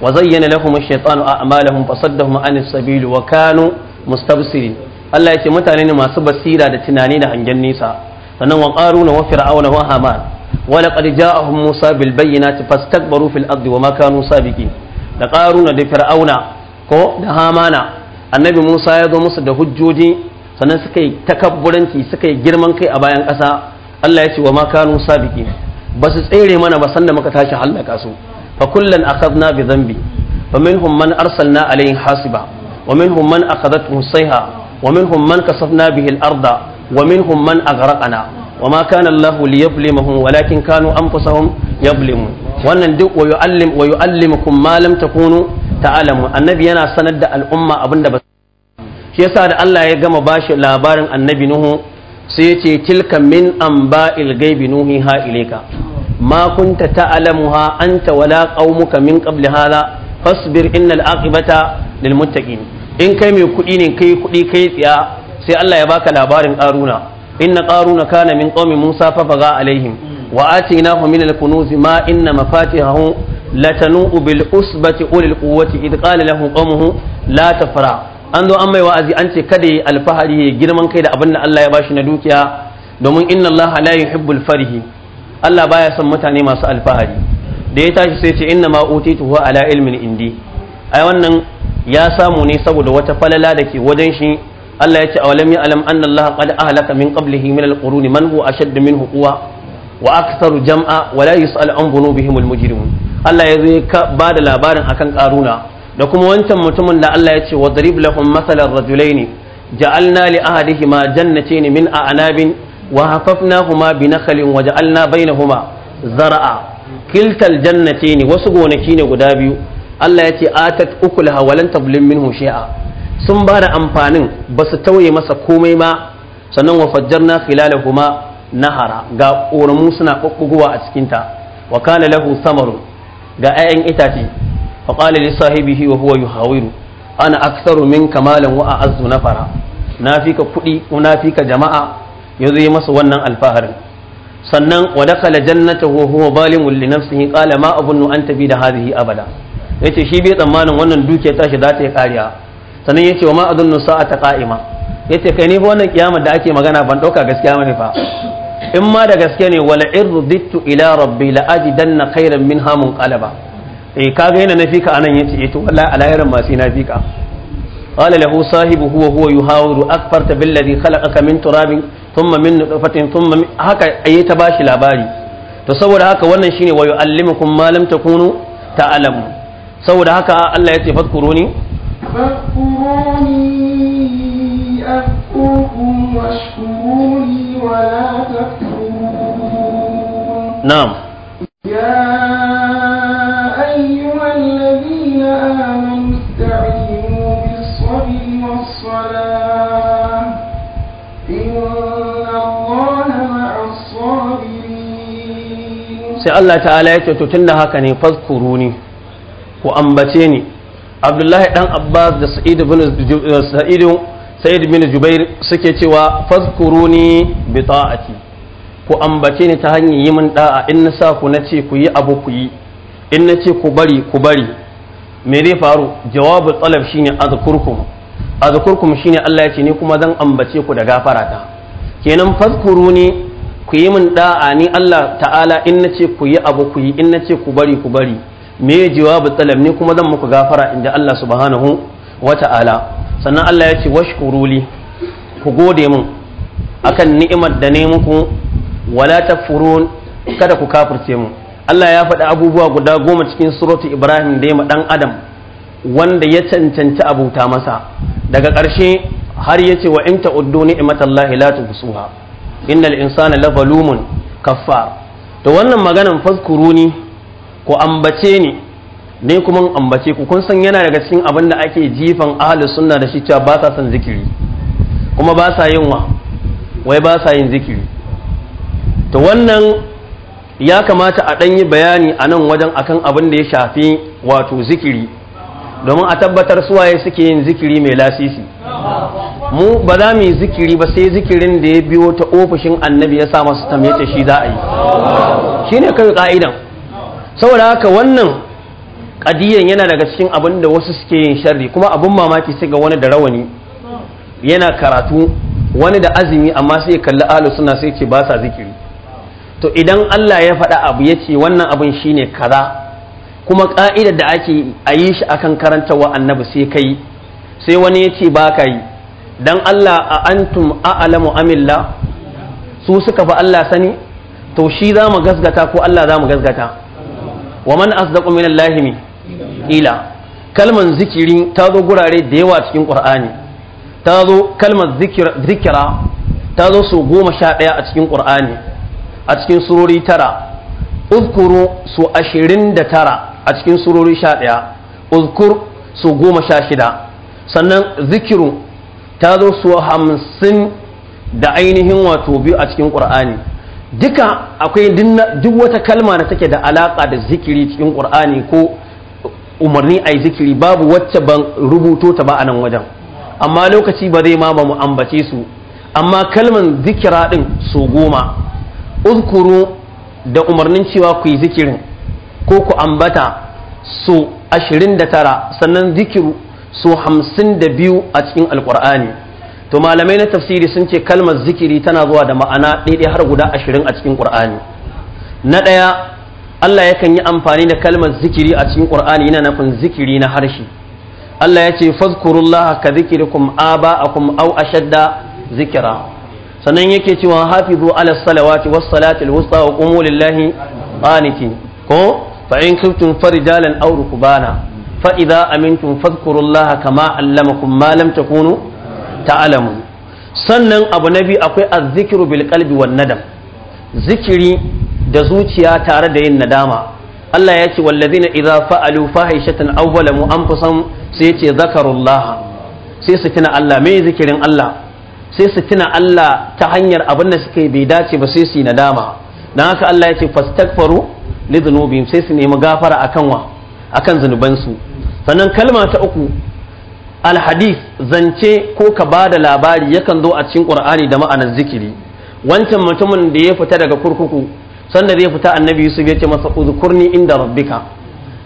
wa zayyana lahum ash-shaytanu a'malahum fasaddahum an as-sabil wa kanu mustabsirin Allah ya ce mutane ne masu basira da tunani da hangen nisa sannan wa qaruna wa fir'auna wa haman wa laqad ja'ahum musa bil bayyinati fastakbaru fil ardi wa ma kanu sabiqin da qaruna da fir'auna ko da hamana annabi musa ya zo musu da hujjoji sannan suka yi takabburanci suka yi girman kai a bayan ƙasa Allah ya ce wa ma kanu sabiqin ba su tsere mana ba sanda muka tashi hallaka su fa kullan akhadna bi dhanbi fa minhum man arsalna alayhi hasiba wa minhum man akhadathu sayha wa minhum man kasafna bihi al-arda wa minhum man aghraqna wa ma kana Allah liyadhlimahum walakin kanu anfusahum yadhlimun wannan duk wa yu'allim wa yu'allimukum ma lam takunu ta'lamu annabi yana sanar da al'umma abinda ba shi yasa da Allah ya gama bashi labarin annabi nuhu sai ce tilka min anba'il ghaibi ha ilayka ma kunta ta'lamuha anta wala qaumuka min qabli hala fasbir innal aqibata lil muttaqin in kai mai kuɗi ne kai kuɗi kai tsiya sai Allah ya baka labarin qaruna inna qaruna kana min qaumi musa fa faga alaihim wa atainahu min al kunuz ma inna mafatihahu لتنوء بالأسبة أولي القوة إذ قال له قومه la تفرع an zo an mai wa'azi an ce kada ya alfahari ya girman kai da abin da Allah ya bashi na dukiya domin inna Allah la yuhibbul farihi Allah baya son mutane masu alfahari da ya tashi sai ce inna ma utituhu ala ilmin indi ai wannan ya samu ne saboda wata falala da ke wajen shi Allah ya ce awalam ya alam anna Allah qad ahlaka min qablihi min alquruni man huwa ashaddu minhu quwwa wa aktharu jam'a wa la yus'al an dhunubihim almujrimun Allah ya zo ya ba da labarin akan karuna da kuma wancan mutumin da Allah ya ce wa darib lahum masalan rajulaini ja'alna li ahadihima jannatayn min a'nabin wa hafafnahuma bi nakhlin wa ja'alna bainahuma zar'a kiltal jannatayn wasu gonaki ne guda biyu Allah ya ce atat uku wa lan tablim minhu shay'a sun ba da amfanin ba su tauye masa komai ma sannan wa fajjarna khilalahuma nahara ga ƙoramu suna kokkuguwa a cikinta wa kana lahu samaru ga 'ya'yan itace فقال لصاحبه وهو يحاور انا اكثر منك مالا واعز نفرا نافيك كدي ونافيك جماعه يزي مس wannan alfaharin sannan ودخل جنته jannata wa لنفسه قال ما اظن qala ma هذه an da abada yace shi bai tsammanin wannan duke tashi za ta yi kariya sannan yace wa ma adunnu sa'ata qa'ima yace kai ne wannan kiyama da ake magana ban dauka gaskiya bane fa in ma da gaske ne wala irditu ila rabbi la ajidanna khairan minha munqalaba e kaga yana nafi ka anan yace eh to wallahi alayaran ma sai nafi ka qala lahu sahibuhu wa huwa yuhawiru akfarta billadhi khalaqaka min turabin thumma min nutfatin thumma haka ayi ta bashi labari to saboda haka wannan shine wa yu'allimukum ma lam takunu ta'lamu saboda haka Allah yace fadkuruni fadkuruni أذكركم واشكروني ولا تكفرون نعم يا sai Allah ta'ala ya ce tutun da haka ne faskuru ne ku ambace ni abdullahi dan abbas da eh, sa'idu bin jubair suke cewa faskuru ne bi ta'ati ku ambace ni ta hanyar yi min da'a in na sa ku na ce ku yi abu ku yi in na ce ku bari ku bari me zai faru jawabu talab shine azkurkum azkurkum shine Allah yace ni kuma zan ambace ku da gafara ta kenan fazkuruni ku yi min da'a ni Allah ta'ala in nace ku yi abu ku yi in nace ku bari ku bari me jawabu talab ni kuma zan muku gafara inda Allah subhanahu wa ta'ala sannan Allah yace ce washkuruli ku gode min akan ni'imar da ne muku wala tafurun kada ku kafirce mu Allah ya faɗi abubuwa guda goma cikin suratu Ibrahim da ya ɗan Adam wanda ya cancanci abuta masa daga ƙarshe har ya ce wa in ta'uddu ni'matallahi la tuhsuha innal insana la zalumun kaffar to wannan maganan fazkuruni ku ambace ni ne kuma ambace ku kun san yana daga cikin abin da ake jifan ahlus sunna da shi cewa ba sa son zikiri kuma ba sa yin wa wai ba sa yin zikiri to wannan ya kamata a ɗanyi bayani a nan wajen akan abin da ya shafi wato zikiri domin a tabbatar suwaye suke yin zikiri mai lasisi mu ba za mu yi zikiri ba sai zikirin da ya biyo ta ofishin annabi ya sa masu tamyace shi za a yi shi ne kai ka'idan saboda haka wannan ƙadiyan yana daga cikin abin da wasu suke yin sharri kuma abin mamaki sai ga wani da rawani yana karatu wani da azumi amma sai kalli alu suna sai ce ba sa zikiri to idan Allah ya faɗa abu ya ce wannan abin shine kaza kuma ƙa'idar da ake a yi shi akan karantarwa annabi sai kai sai wani ya ce ba ka yi dan Allah a antum a'lamu amilla su suka fi Allah sani to shi za mu gasgata ko Allah za mu gasgata wa man asdaqu min Allah lahimi. ila kalman zikirin ta zo gurare da yawa cikin Qur'ani ta zo kalmar zikira ta zo su goma sha ɗaya a cikin Qur'ani a cikin surori tara uzkuru su ashirin da tara a cikin surori sha ɗaya uzkur su goma sha shida sannan zikiru ta zo su hamsin da ainihin wato biyu a cikin ƙur'ani duka akwai duk wata kalma da take da alaƙa da zikiri cikin ƙur'ani ko umarni a yi zikiri babu wacce ban rubuto ta ba a nan wajen amma lokaci ba zai ma ba mu ambace su amma kalman zikira ɗin su goma uzkuru da umarnin cewa ku yi zikirin ko ku ambata su ashirin da tara sannan zikiru su hamsin da biyu a cikin alkur'ani to malamai na tafsiri sun ce kalmar zikiri tana zuwa da ma'ana ɗaiɗai har guda ashirin a cikin ƙur'ani na ɗaya allah yakan yi amfani da kalmar zikiri a cikin ƙur'ani yana nufin zikiri na harshe allah ya ce fazkurullah ka zikirikum a aw ashadda zikira sannan yake cewa hafizu ala salawati was salati alwusta wa qumu lillahi qanitin ko fa in kuntum farijalan aw rukbana fa idza amintum fadhkurullaha kama allamakum ma lam takunu ta'lamun sannan abu nabi akwai azzikru bil qalbi wan nadam zikiri da zuciya tare da yin nadama Allah ya ce wallazina idza fa'alu fahishatan aw zalamu anfusahum sai ya ce zakarullaha sai su tuna Allah mai zikirin Allah sai su tuna Allah ta hanyar abin da suka bai dace ba sai su yi nadama dan haka Allah ya ce fastaghfiru li dhunubihim sai su nemi gafara akan wa akan zunubansu sannan kalma ta uku alhadis zance ko ka ba da labari yakan zo a cikin qur'ani da ma'anar zikiri wancan mutumin da ya fita daga kurkuku sanda zai fita annabi yusuf ya ce masa uzkurni inda rabbika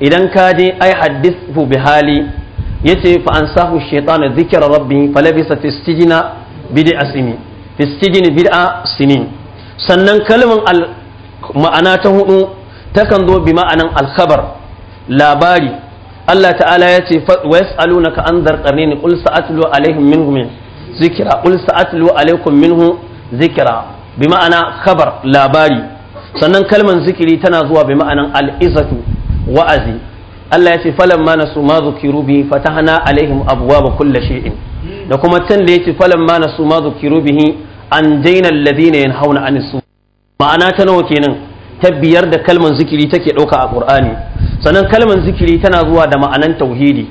idan ka je ai hadithu bi hali yace fa ansahu shaytanu dhikra rabbi falabisa fi sijna bid'a sini fistijin bid'a sinin sannan kalman al ma'ana ta hudu takan zo bi ma'anan al-khabar labari Allah ta'ala ya ce wa yas'alunaka an darqarin qul sa'atlu alaihim minhum zikra qul sa'atlu alaikum minhu zikra bi ma'ana khabar labari sannan kalman zikiri tana zuwa bi ma'anan al-izatu wa'azi Allah ya ce falamma nasu ma zukiru bi fatahna alaihim abwaaba kulli shay'in da kuma can da ci falan ma su ma zukiru bihi an daina hau na anis su ma'ana ta nawa kenan ta biyar da kalman zikiri take ɗauka a ƙur'ani? sannan kalman zikiri tana zuwa da ma'anan tauhidi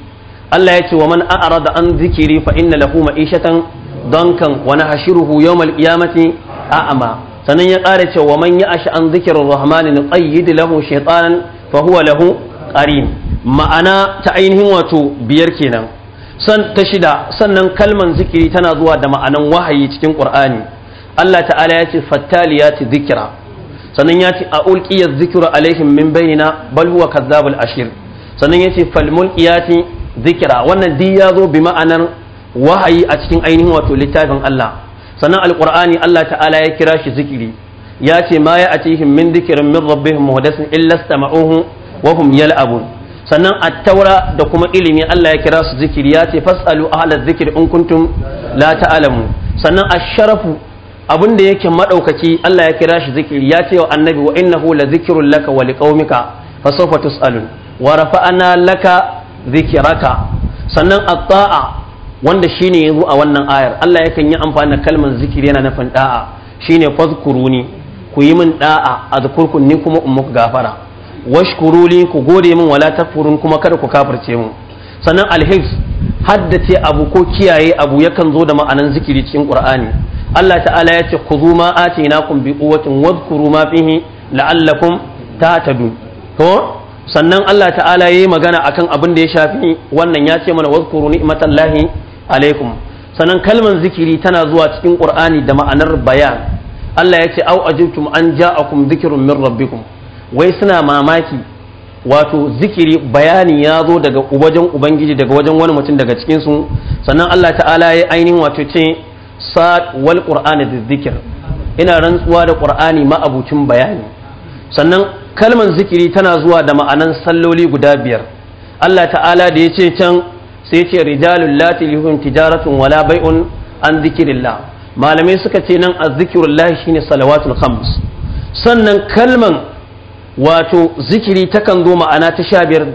Allah ya ce wa man da an zikiri fa inna lahu ma'ishatan dankan wa nahshuruhu yawmal qiyamati a'ama sannan ya ƙara cewa wa man ya'ash an zikrir rahmani nuqayyid lahu shaytanan fa huwa lahu qarin ma'ana ta ainihin wato biyar kenan san ta shida sannan kalman zikiri tana zuwa da ma'anan wahayi cikin qur'ani Allah ta'ala ya ce fattaliyati zikira sannan ya ce a ulqiyaz zikru alaihim min bainina bal huwa kadzabul ashir sannan ya ce falmulqiyati zikira wannan di ya zo bi ma'anar wahayi a cikin ainihin wato littafin Allah sannan alqur'ani Allah ta'ala ya kira shi zikiri ya ce ma ya atihim min dhikrin min rabbihim muhdathin illa istama'uhu wa hum yal'abun sannan attaura taura da kuma ilimi Allah ya kira su zikiri ya ce fasalu ahla zikiri in kuntum la ta'lamu sannan asharafu sharafu abin da yake madaukaki Allah ya kira shi zikiri ya ce wa annabi wa innahu la zikrun laka wa liqaumika fa sawfa tusalun wa rafa'ana laka zikraka sannan a taa wanda shine yazo a wannan ayar Allah ya kan yi amfani da kalmar zikiri yana nufin da'a shine fazkuruni ku yi min da'a azkurkum ni kuma ummuk gafara Washkuruli ku gode min wala takfurun kuma kada ku kafirce mu sannan alhifz haddace abu ko kiyaye abu yakan zo da ma'anan zikiri cikin qur'ani Allah ta'ala ya ce khudhu ma atainakum bi quwwatin wadhkuru ma fihi la'allakum tahtadun to sannan Allah ta'ala yayi magana akan abin da ya shafi wannan ya ce mana wadhkuru ni'matallahi alaikum sannan kalmar zikiri tana zuwa cikin qur'ani da ma'anar bayan Allah ya ce au ajibtum an ja'akum dhikrun min rabbikum wai suna mamaki wato zikiri bayani ya zo daga wajen ubangiji daga wajen wani mutum daga cikin su sannan Allah ta'ala ya ainihin wato ce sa'ad wal qur'ani zikir ina rantsuwa da qur'ani ma'abucin bayani sannan kalman zikiri tana zuwa da ma'anan salloli guda biyar Allah ta'ala da ya ce can sai ce rijalul lati lihum tijaratun wala bai'un an zikirillah malamai suka ce nan azzikirullahi shine salawatul khams sannan kalman wato zikiri takan zo ma'ana ta sha biyar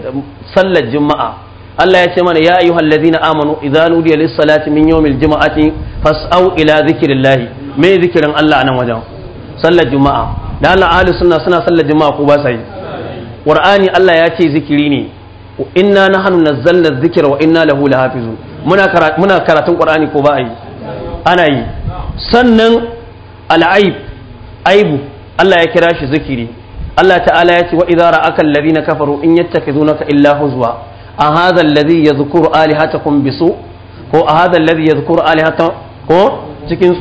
sallar juma'a Allah ya ce mana ya ayyuhal na amanu idza nudiya lis salati min yawmil juma'ati fas'au ila zikrillahi me zikirin Allah anan wajen sallar juma'a da Allah sunna suna sallar juma'a ko ba sa yi qur'ani Allah ya ce zikiri ne inna nahnu nazzalna dhikra wa inna lahu lahafizun muna muna karatun qur'ani ko ba yi ana yi sannan al'aib aibu Allah ya kira shi zikiri Allah ta'ala ya ce wa akan ra'aka na kafaru in yattakhizunaka illa huzwa a hadha alladhi yadhkuru alihatakum bisu ko a hadha alladhi yadhkuru alihatakum ko cikin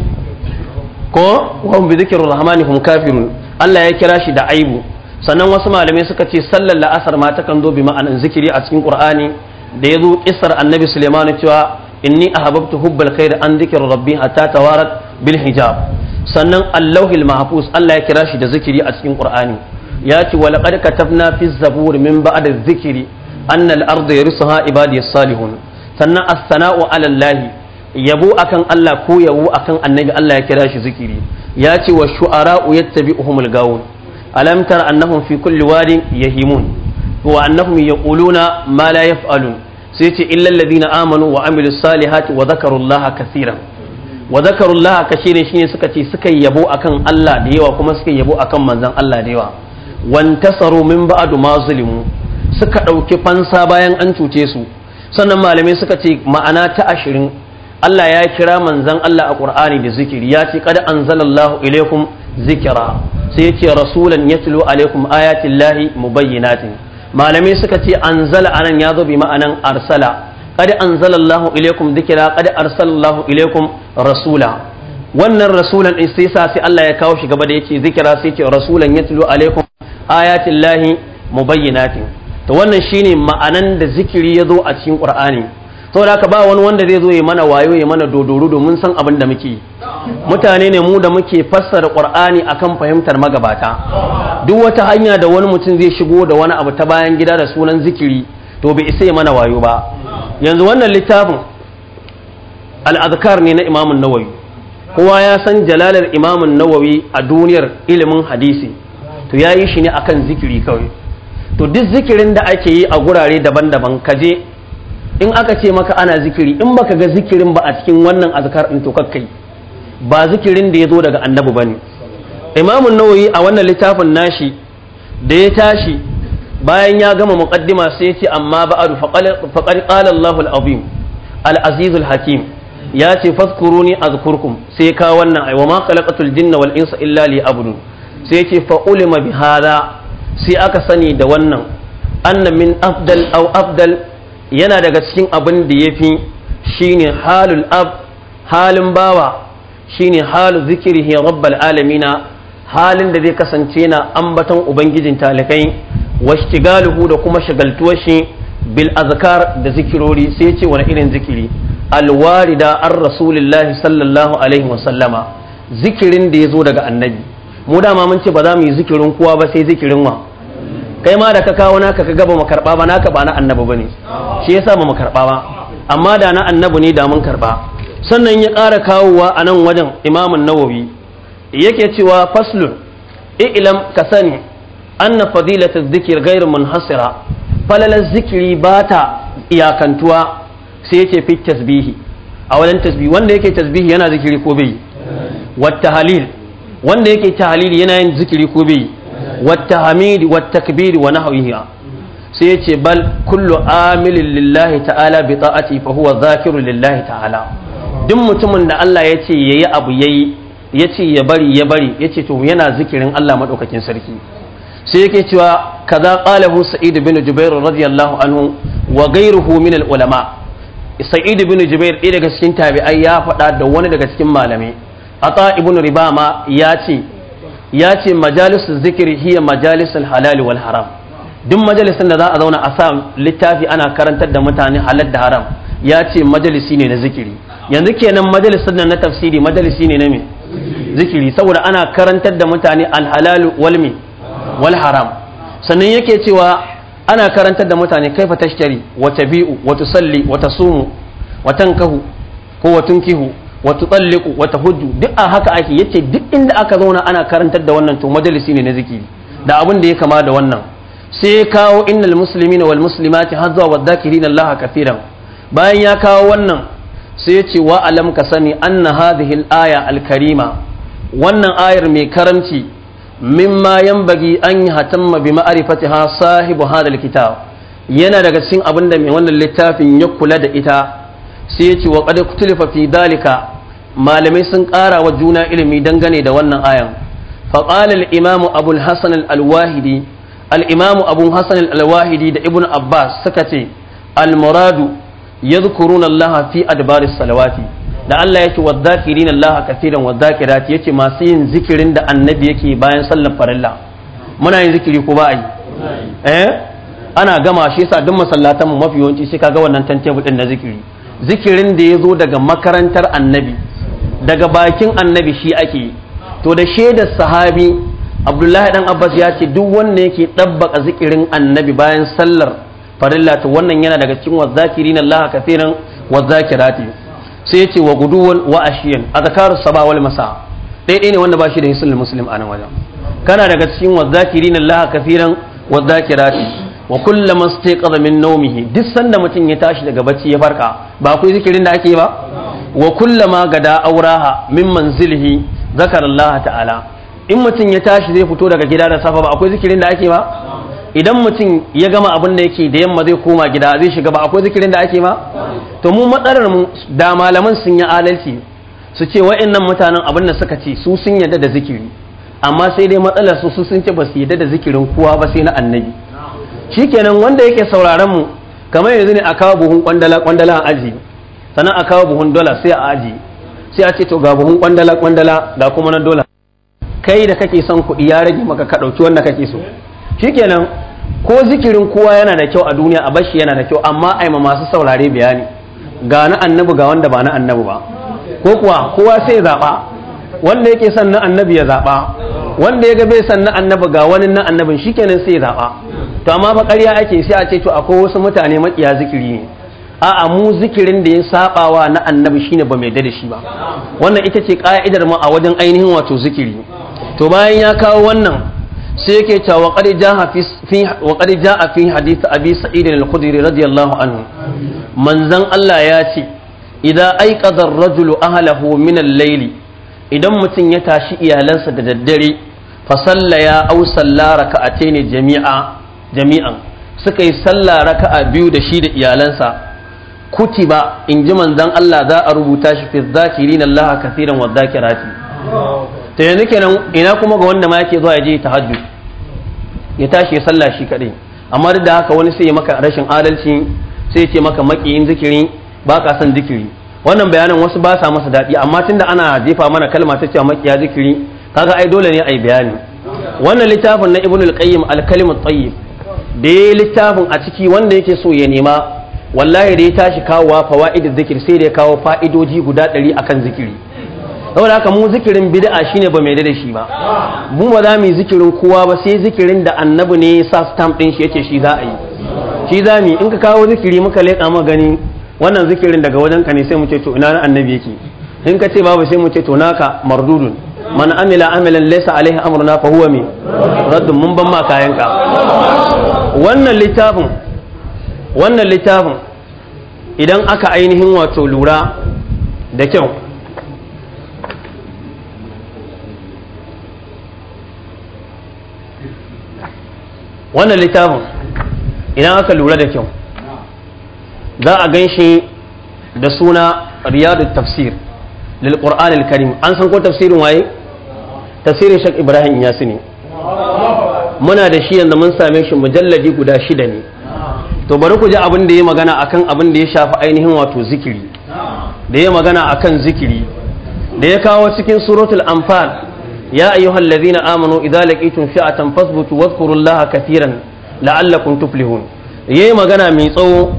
ko hum bi dhikri rahmani hum kafirun Allah ya kira shi da aibu sannan wasu malamai suka ce sallar la'asar ma ta kan zo bi ma'anan zikiri a cikin qur'ani da ya zo annabi suleiman cewa inni ahabbtu hubbal khair an dhikri rabbi hatta tawarat bil hijab sannan allahil mahfuz Allah ya kira shi da zikiri a cikin qur'ani ya ce wa laqad katabna fi zabur min ba'd adh-dhikri anna ya ardu yarusuha ibadi salihun sannan as-sana'u 'ala yabo akan Allah ko yabo akan annabi Allah ya kira shi zikiri ya ce wa shu'ara'u yattabi'uhumul gawun alam tara annahum fi kulli wadin yahimun wa annahum yaquluna ma la yaf'alun sai ce illal amanu wa amilus salihati wa zakarullaha kaseeran wa zakarullaha kashirin shine suka ce suka yabo akan Allah da yawa kuma suka yabo akan manzon Allah da yawa wantasaru min ba'du ma zulimu suka ɗauki fansa bayan an cuce su sannan malamai suka ce ma'ana ta ashirin Allah ya kira manzan Allah a Qur'ani da zikiri ya ce qad anzalallahu ilaikum zikira sai ya ce rasulan yatlu alaikum ayatillahi mubayyinatin malamai suka ce anzala anan ya zo bi ma'anan arsala qad anzalallahu ilaikum zikira qad arsalallahu ilaikum rasula wannan rasulan din sai sa sai Allah ya kawo shi gaba da yace zikira sai ce rasulan yatlu alaikum ayatin lahi mubayyinatin to wannan shine ma'anan da zikiri ya zo a cikin qur'ani da ka ba wani wanda zai zo ya mana wayo ya mana dodoro domin san abin da muke mutane ne mu da muke fassara qur'ani akan fahimtar magabata duk wata hanya da wani mutum zai shigo da wani abu ta bayan gida da sunan zikiri to bai isa ya mana wayo ba yanzu wannan littafin al-azkar ne na imamun nawawi kowa ya san jalalar imamun nawawi a duniyar ilimin hadisi to ya yi shi ne akan zikiri kawai to duk zikirin da ake yi a gurare daban-daban ka je in aka ce maka ana zikiri in baka ga zikirin ba a cikin wannan azkar in to kakkai ba zikirin da ya zo daga annabi bane imamun nawawi a wannan littafin nashi da ya tashi bayan ya gama muqaddima sai ya ce amma ba'adu faqad qala al azim al al hakim ya ce a azkurkum sai ka wannan ai wa ma khalaqatul jinna wal insa illa li abudun sai ce fa'ulima bi hada sai aka sani da wannan anna min afdal au afdal yana daga cikin abin da ya fi shine halul ab halin bawa shine halu zikirihi rabbal alamina halin da zai kasance na ambatan ubangijin talikai galihu da kuma shagaltuwar shi bil azkar da zikirori sai ce wani irin zikiri alwarida an rasulillahi sallallahu alaihi wasallama zikirin da ya zo daga annabi mu dama mun ce ba za mu yi zikirin kowa ba sai zikirin wa kai ma da ka kawo naka ka gaba makarba ba naka ba na annabi bane shi yasa ba makarba ba amma da na annabi ne da mun karba sannan ya ƙara kawowa a nan wajen imamun nawawi yake cewa faslun i'lam ka sani anna fadilatu dhikr ghairu munhasira falalar zikiri ba ta iyakantuwa sai yake fi tasbihi a wajen tasbihi wanda yake tasbihi yana zikiri ko bai wata halil wanda yake tahlili yana yin zikiri ko bai wata hamidi wata kabiri wa nahawiya sai ya ce bal kullu amilin lillahi ta'ala bi ta'ati fa huwa Zakiru lillahi ta'ala duk mutumin da Allah ya ce yayi abu yayi ya ce ya bari ya bari ya ce to yana zikirin Allah madaukakin sarki sai yake cewa kaza qalahu sa'id bin jubair radiyallahu anhu wa gairu min ulama sa'id bin jubair ɗaya daga cikin tabi'ai ya faɗa da wani daga cikin malamai ata ibn ribama ya ce ya ce majalisul zikiri hiya majalisul halal wal haram duk majalisun da za a zauna a sa littafi ana karantar da mutane halal da haram ya ce majalisi ne na zikiri yanzu kenan majalisin nan na tafsiri majalisi ne na me zikiri saboda ana karantar da mutane alhalal wal me wal haram sannan yake cewa ana karantar da mutane kaifa tashtari wa tabi'u wa tusalli wa tasumu wa tankahu ko wa tunkihu Wata tsalliku wata hudu duk a haka ake yace duk inda aka zauna ana karantar da wannan to majalisi ne na zikiri da abin da ya kama da wannan sai ya kawo innal muslimina wal muslimati har zuwa dhakirina allaha kathiran bayan ya kawo wannan sai ya ce wa alam ka sani anna hadhihi al aya al karima wannan ayar mai karanci mimma yanbaghi an yahtamma bi ma'rifatiha sahibu hadha al kitab yana daga cikin abinda da mai wannan littafin ya kula da ita sai ya ce wa ƙadar kutulifa fi dalika malamai sun ƙara wa juna ilimi dangane da wannan ayan faƙalar al’imamu al hassan al’alwahidi al’imamu al abu da ibnu abbas suka ce al muradu yadhkuruna allaha fi adbar salawati da Allah yake wa na Allah kafiran wa zakirat yake masu yin zikirin da annabi yake bayan sallar farilla muna yin zikiri ko ba yi eh ana gama shi sa duk masallatan mu mafi yawanci sai kaga wannan tantance din na zikiri zikirin da ya zo daga makarantar annabi daga bakin annabi shi ake to da shaidar sahabi abdullahi dan abbas ya ce duk wanda yake ɗabbaka zikirin annabi bayan sallar farilla to wannan yana daga cikin wazakirin allaha kathiran wazakirati sai ce wa guduwan wa ashiyan azkaru sabah wal masa ɗaya ne wanda ba shi da hisul muslim anan wajen kana daga cikin wazakirin allaha kathiran wazakirati wa kullama staiqadha min nawmihi duk sanda mutum ya tashi daga bacci ya farka ba akwai zikirin da ake ba wa ma gada auraha min manzilihi zakarallaha ta'ala in mutum ya tashi zai fito daga gida da safa ba akwai zikirin da ake ba idan mutum ya gama abin da yake da yamma zai koma gida zai shiga ba akwai zikirin da ake ba to mu matsalar mu da malaman sun yi adalci su ce wa'annan mutanen abin da suka ce su sun yarda da zikiri amma sai dai matsalar su sun ce ba su yarda da zikirin kowa ba sai na annabi shikenan wanda yake sauraron mu kamar yanzu ne a kawo buhun kwandala kwandala a aji sannan a kawo buhun dola sai a aji sai a ce to ga buhun kwandala kwandala ga kuma na dola kai da kake son kuɗi ya rage maka ka ɗauki wanda kake so shikenan ko zikirin kowa yana da kyau a duniya a bashi yana da kyau amma ma masu saurare bayani ga na annabi ga wanda ba na annabi ba ko kuwa kowa sai zaɓa wanda yake son na annabi ya zaɓa wanda ya ga bai son na annabi ga wani na annabin shikenan sai zaɓa to amma fa ƙarya ake sai a ce to akwai wasu mutane makiya zikiri ne a'a mu zikirin da ya sabawa na annabi shine ba mai da shi ba wannan ita ce ka'idar mu a wajen ainihin wato zikiri to bayan ya kawo wannan sai yake ta wa qad jaa fi wa qad jaa fi hadith abi sa'id al-khudri radiyallahu anhu manzon Allah ya ce idan aiqadha ar-rajulu ahlahu min al-layli idan mutum ya tashi iyalansa da daddare fa sallaya aw sallara ne jami'a jami'an suka yi sallah raka'a biyu da shi da iyalansa kutiba in ji manzon Allah za a rubuta shi fi zakirin Allah kasiran wa zakirati to yanzu kenan ina kuma ga wanda ma yake zuwa ya je tahajjud ya tashi ya sallah shi kadai amma duk da haka wani sai ya maka rashin adalci sai ya ce maka makiyin zikiri ba ka son zikiri wannan bayanan wasu ba sa masa daɗi amma tunda ana jefa mana kalma ta cewa makiya zikiri kaga ai dole ne ai bayani wannan littafin na ibnul qayyim al-kalimat tayyib da ya littafin a ciki wanda yake so ya nema wallahi da ya tashi kawowa fawaid zikir sai da ya kawo fa'idoji guda ɗari akan zikiri saboda haka mu zikirin bid'a shine ba mai da shi ba mu ba za mu yi zikirin kowa ba sai zikirin da annabi ne ya sa stamp din shi yace shi za a yi shi za mu in ka kawo zikiri muka leƙa mu gani wannan zikirin daga wajen ka ne sai mu ce to ina na annabi yake in ka ce babu sai mu ce to naka mardudun man amila amilan laysa alaihi amruna fa huwa min raddun mun ban ma kayan ka wannan littafin wannan littafin idan aka ainihin wato lura da kyau wannan littafin idan aka lura da kyau za a gan shi da suna riyadu tafsir lil karim an san ko tafsirin waye tasirin shak ibrahim ya ne muna da shi yanzu mun same shi mujalladi guda shida ne to bari ku ji abin da ya magana akan abin da ya shafi ainihin wato zikiri da ya magana akan zikiri da ya kawo cikin suratul anfal ya ayyuhal ladzina amanu idza laqitum fi'atan fasbutu wadhkurullaha katiran la'allakun tuflihun yayi magana mai tsawo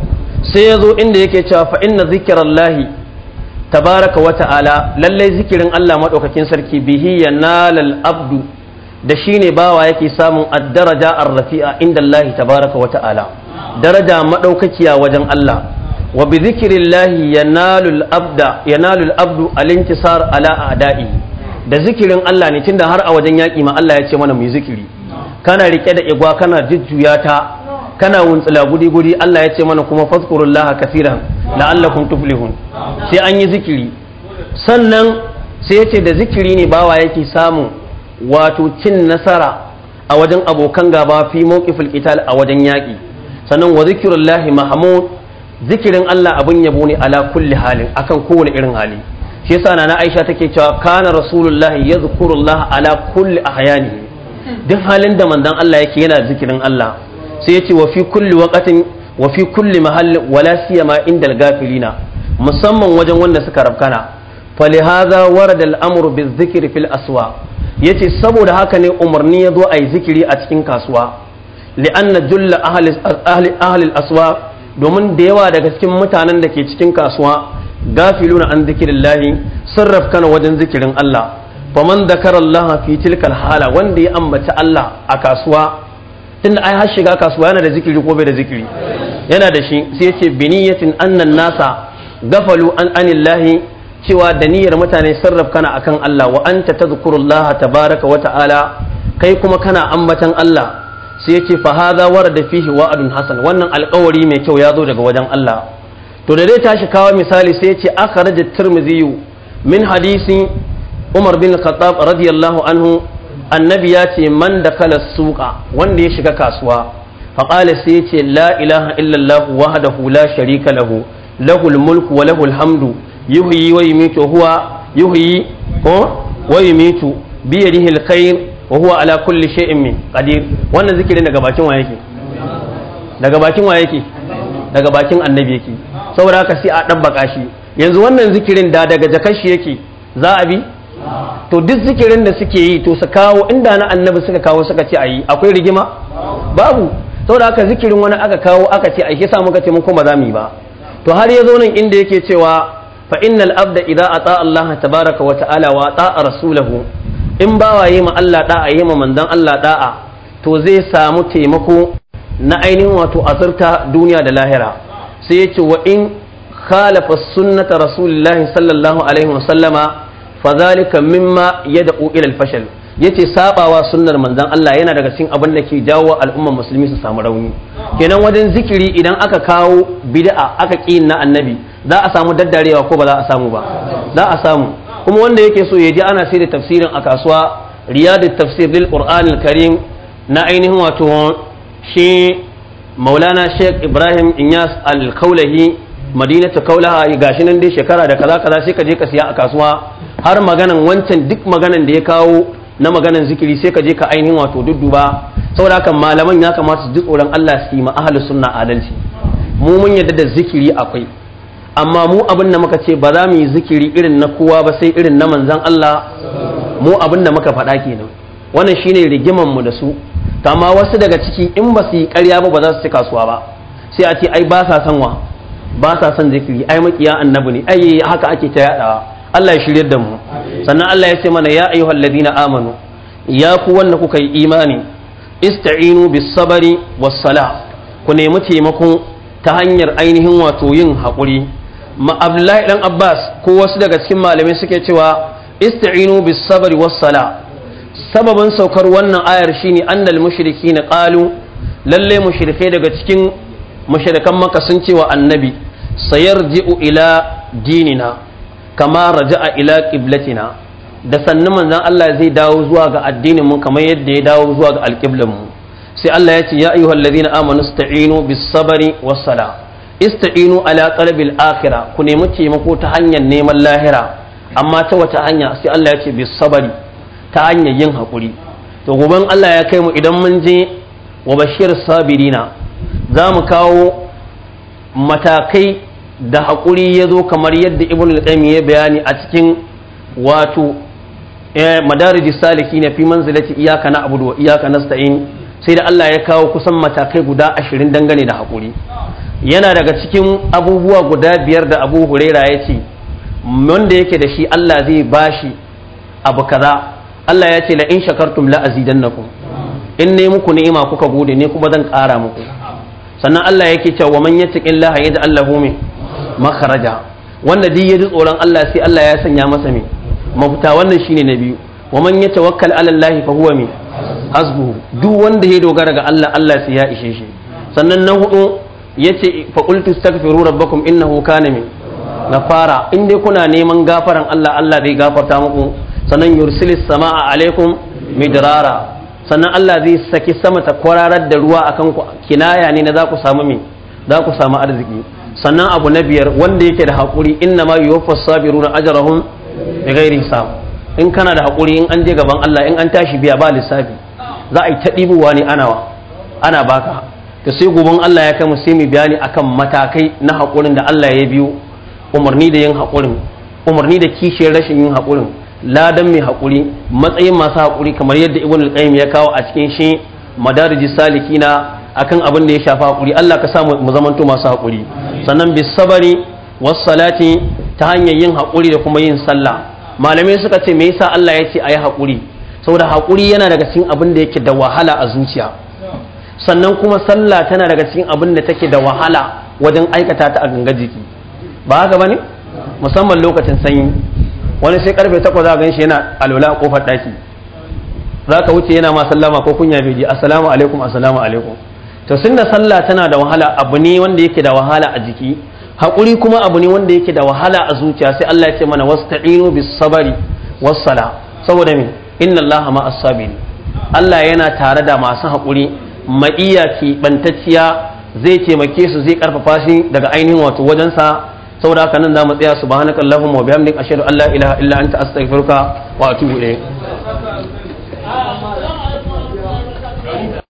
sai ya zo inda yake cewa fa inna lahi. tabaraka wa ta'ala lallai zikirin Allah madaukakin sarki bihi yanalal abdu da shine bawa yake samun addaraja daraja ar-rafi'a inda Allah tabaraka wa ta'ala daraja madaukakiya wajen Allah wa bi zikrillahi yanalul abda yanalul abdu al-intisar ala a'da'i da zikirin Allah ne tunda har a wajen yaki ma Allah ya ce mana mu zikiri kana rike da igwa kana jujjuya ta kana wuntsila gudi gudi Allah ya ce mana kuma fadkurullah kafiran la'allakum tuflihun sai an yi zikiri sannan sai ya ce da zikiri ne bawa yake samu wato cin nasara a wajen abokan gaba fi mawqifil qital a wajen yaƙi sannan wa zikrullahi mahmud zikirin Allah abin yabo ne ala kulli halin akan kowane irin hali shi yasa nana Aisha take cewa kana rasulullahi yadhkurullaha ala kulli ahyani duk halin da manzon Allah yake yana zikirin Allah sai yace wa fi kulli waqatin wa fi kulli mahall wala siyama indal gafilina musamman wajen wanda suka rafkana falihaza warada al'amru bizikri fil aswa yace saboda haka ne umarni ya zo a zikiri a cikin kasuwa li'anna julla ahli ahli aswa domin da yawa daga cikin mutanen da ke cikin kasuwa gafiluna an zikirillahi sarraf kana wajen zikirin Allah faman zakara Allah fi tilkal hala wanda ya ambaci Allah a kasuwa Tun da ai har shiga kasuwa yana da zikiri ko bai da zikiri yana da shi sai yace ce niyyatin annan nasa gafalu an anillahi cewa da niyyar mutane sarraf kana akan Allah wa anta tadhkurullah tabaaraka wa ta'ala kai kuma kana ambatan Allah sai yace fa hadha warada fihi wa'adun hasan wannan alƙawari mai kyau ya zo daga wajen Allah to da dai tashi kawo misali sai yace akhrajat tirmidhi min hadisi Umar bin Khattab radiyallahu anhu annabi ya ce man da kala suka wanda ya shiga kasuwa faƙala sai ce la ilaha illallah wahdahu la sharika lahu lahul mulku wa lahul hamdu yuhyi wa yumitu huwa yuhyi ko wa yumitu bi yadihi alkhair wa huwa ala kulli shay'in min qadir wannan zikirin daga bakin wa yake daga bakin wa yake daga bakin annabi yake saboda haka sai a dabbaka shi yanzu wannan zikirin da daga jakashi yake za a bi to duk zikirin da suke yi to su kawo inda na annabi suka kawo suka ce ayi akwai rigima babu saboda haka zikirin wani aka kawo aka ce ai yasa muka ce mun kuma za mu yi ba to har ya zo nan inda yake cewa fa innal abda idza ata Allah tabaraka wa ta'ala wa ta'a rasulahu in bawaye ma Allah da'a yi ma manzon Allah da'a to zai samu taimako na ainihin wato azurta duniya da lahira sai ya wa in khalafa sunnata rasulillahi sallallahu alaihi wa sallama fadhalika mimma yad'u ila al-fashal yace sabawa sunnar manzon Allah yana daga cikin abin da ke jawo al'ummar musulmi su samu rauni kenan wajen zikiri idan aka kawo bid'a aka ki na annabi za a samu daddarewa ko ba za a samu ba za a samu kuma wanda yake so ya ji ana sai da tafsirin a kasuwa riyadu tafsir lil qur'an al-karim na ainihin wato shi maulana sheikh ibrahim inyas al-kaulahi madinatu kaulaha gashi nan dai shekara da kaza kaza sai ka je ka siya a kasuwa har maganan wancan duk maganan da ya kawo na maganan zikiri sai ka je ka ainihin wato dudduba saboda haka malaman ya kamata su ji tsoron Allah su yi ma suna sunna adalci mu mun yadda da zikiri akwai amma mu abin da muka ce ba za mu yi zikiri irin na kowa ba sai irin na manzan Allah mu abin da muka faɗa kenan wannan shine rigiman mu da su amma wasu daga ciki in ba su yi karya ba ba za su ci kasuwa ba sai a ce ai ba sa son wa ba sa son zikiri ai makiya annabi ne ai haka ake ta yadawa Allah ya shirye da mu sannan Allah ya ce mana ya ayyuhal ladina amanu ya ku wanda kuka yi imani ista'inu bis sabari was sala ku nemi taimako ta hanyar ainihin wato yin hakuri ma Abdullahi dan Abbas ko wasu daga cikin malamai suke cewa ista'inu bis sabari was sala sababin saukar wannan ayar shine annal mushrikina qalu lalle mushrike daga cikin mushrikan maka sun ce wa annabi sayarji'u ila dinina kama raja'a ila qiblatina da sannu manzon Allah zai dawo zuwa ga addinin mu kamar yadda ya dawo zuwa ga alqiblan mu sai Allah ya ce ya ayyuhal ladina amanu ista'inu bis sabri was sala ista'inu ala talabil akhirah ku nemi taimako ta hanyar neman lahira amma ta wata hanya sai Allah ya ce bis sabri ta hanyar yin hakuri to goben Allah ya kai mu idan mun je wa bashir sabirina za mu kawo matakai da haƙuri ya zo kamar yadda ibn al-qayyim ya bayani a cikin wato eh, madarij na fi manzilati iyyaka na'budu wa iyyaka nasta'in sai da Allah ya kawo kusan matakai guda ashirin dangane da haƙuri yana daga cikin abubuwa guda biyar da Abu Huraira ya ce wanda yake da shi Allah zai bashi abu kaza Allah ya ce la in shakartum la azidannakum in ne muku ni'ima kuka gode ne kuma zan ƙara muku sannan Allah yake cewa man yattaqillaha yaj'al lahu min makharaja wanda duk ya ji tsoron Allah sai Allah ya sanya masa me mafita wannan shine na biyu wa man yatawakkal ala Allah fa huwa me hasbuhu duk wanda ya dogara ga Allah Allah sai ya ishe shi sannan na hudu yace fa qultu astaghfiru rabbakum innahu kana min gafara in dai kuna neman gafaran Allah Allah zai gafarta muku sannan yursilis sama'a alaikum midrara sannan Allah zai saki sama ta kwararar da ruwa akan ku kinaya ne na za ku samu me za ku samu arziki sannan abu na biyar wanda yake da haƙuri inna ma yuwaffas na ajarahun da gairi in kana da haƙuri in an je gaban Allah in an tashi biya ba lissafi za a yi ta ɗibowa ne ana ana baka Ta sai goben Allah ya kai mu sai mu bayani akan matakai na haƙurin da Allah ya biyo umarni da yin haƙurin umarni da kishiyar rashin yin haƙurin ladan mai haƙuri matsayin masu haƙuri kamar yadda ibn al-qayyim ya kawo a cikin shi madarij salikina akan abin da ya shafa haƙuri Allah ka sa mu zamanto masu haƙuri sannan bisabari salati ta hanyar yin haƙuri da kuma yin sallah malamai suka ce me yasa Allah ya ce ayi yi haƙuri saboda haƙuri yana daga cikin abin da yake da wahala a zuciya sannan kuma sallah tana daga cikin abin da take da wahala wajen aikata ta a ganga jiki ba haka bane musamman lokacin sanyi wani sai karfe 8 za ka ganshi yana alwala a kofar daki zaka wuce yana ma sallama ko kunya bai ji assalamu alaikum assalamu alaikum to sunna sallah tana da wahala abu ne wanda yake da wahala a jiki haƙuri kuma abu ne wanda yake da wahala a zuciya sai Allah ya ce mana wasta'inu bis sabari was sala saboda me inna Allah ma'as sabirin Allah yana tare da masu haƙuri ma'iya ki bantacciya zai taimake su zai karfafa shi daga ainihin wato sa saboda haka nan za mu tsaya subhanakallahumma wa bihamdika ashhadu an la ilaha illa anta astaghfiruka wa atubu ilayk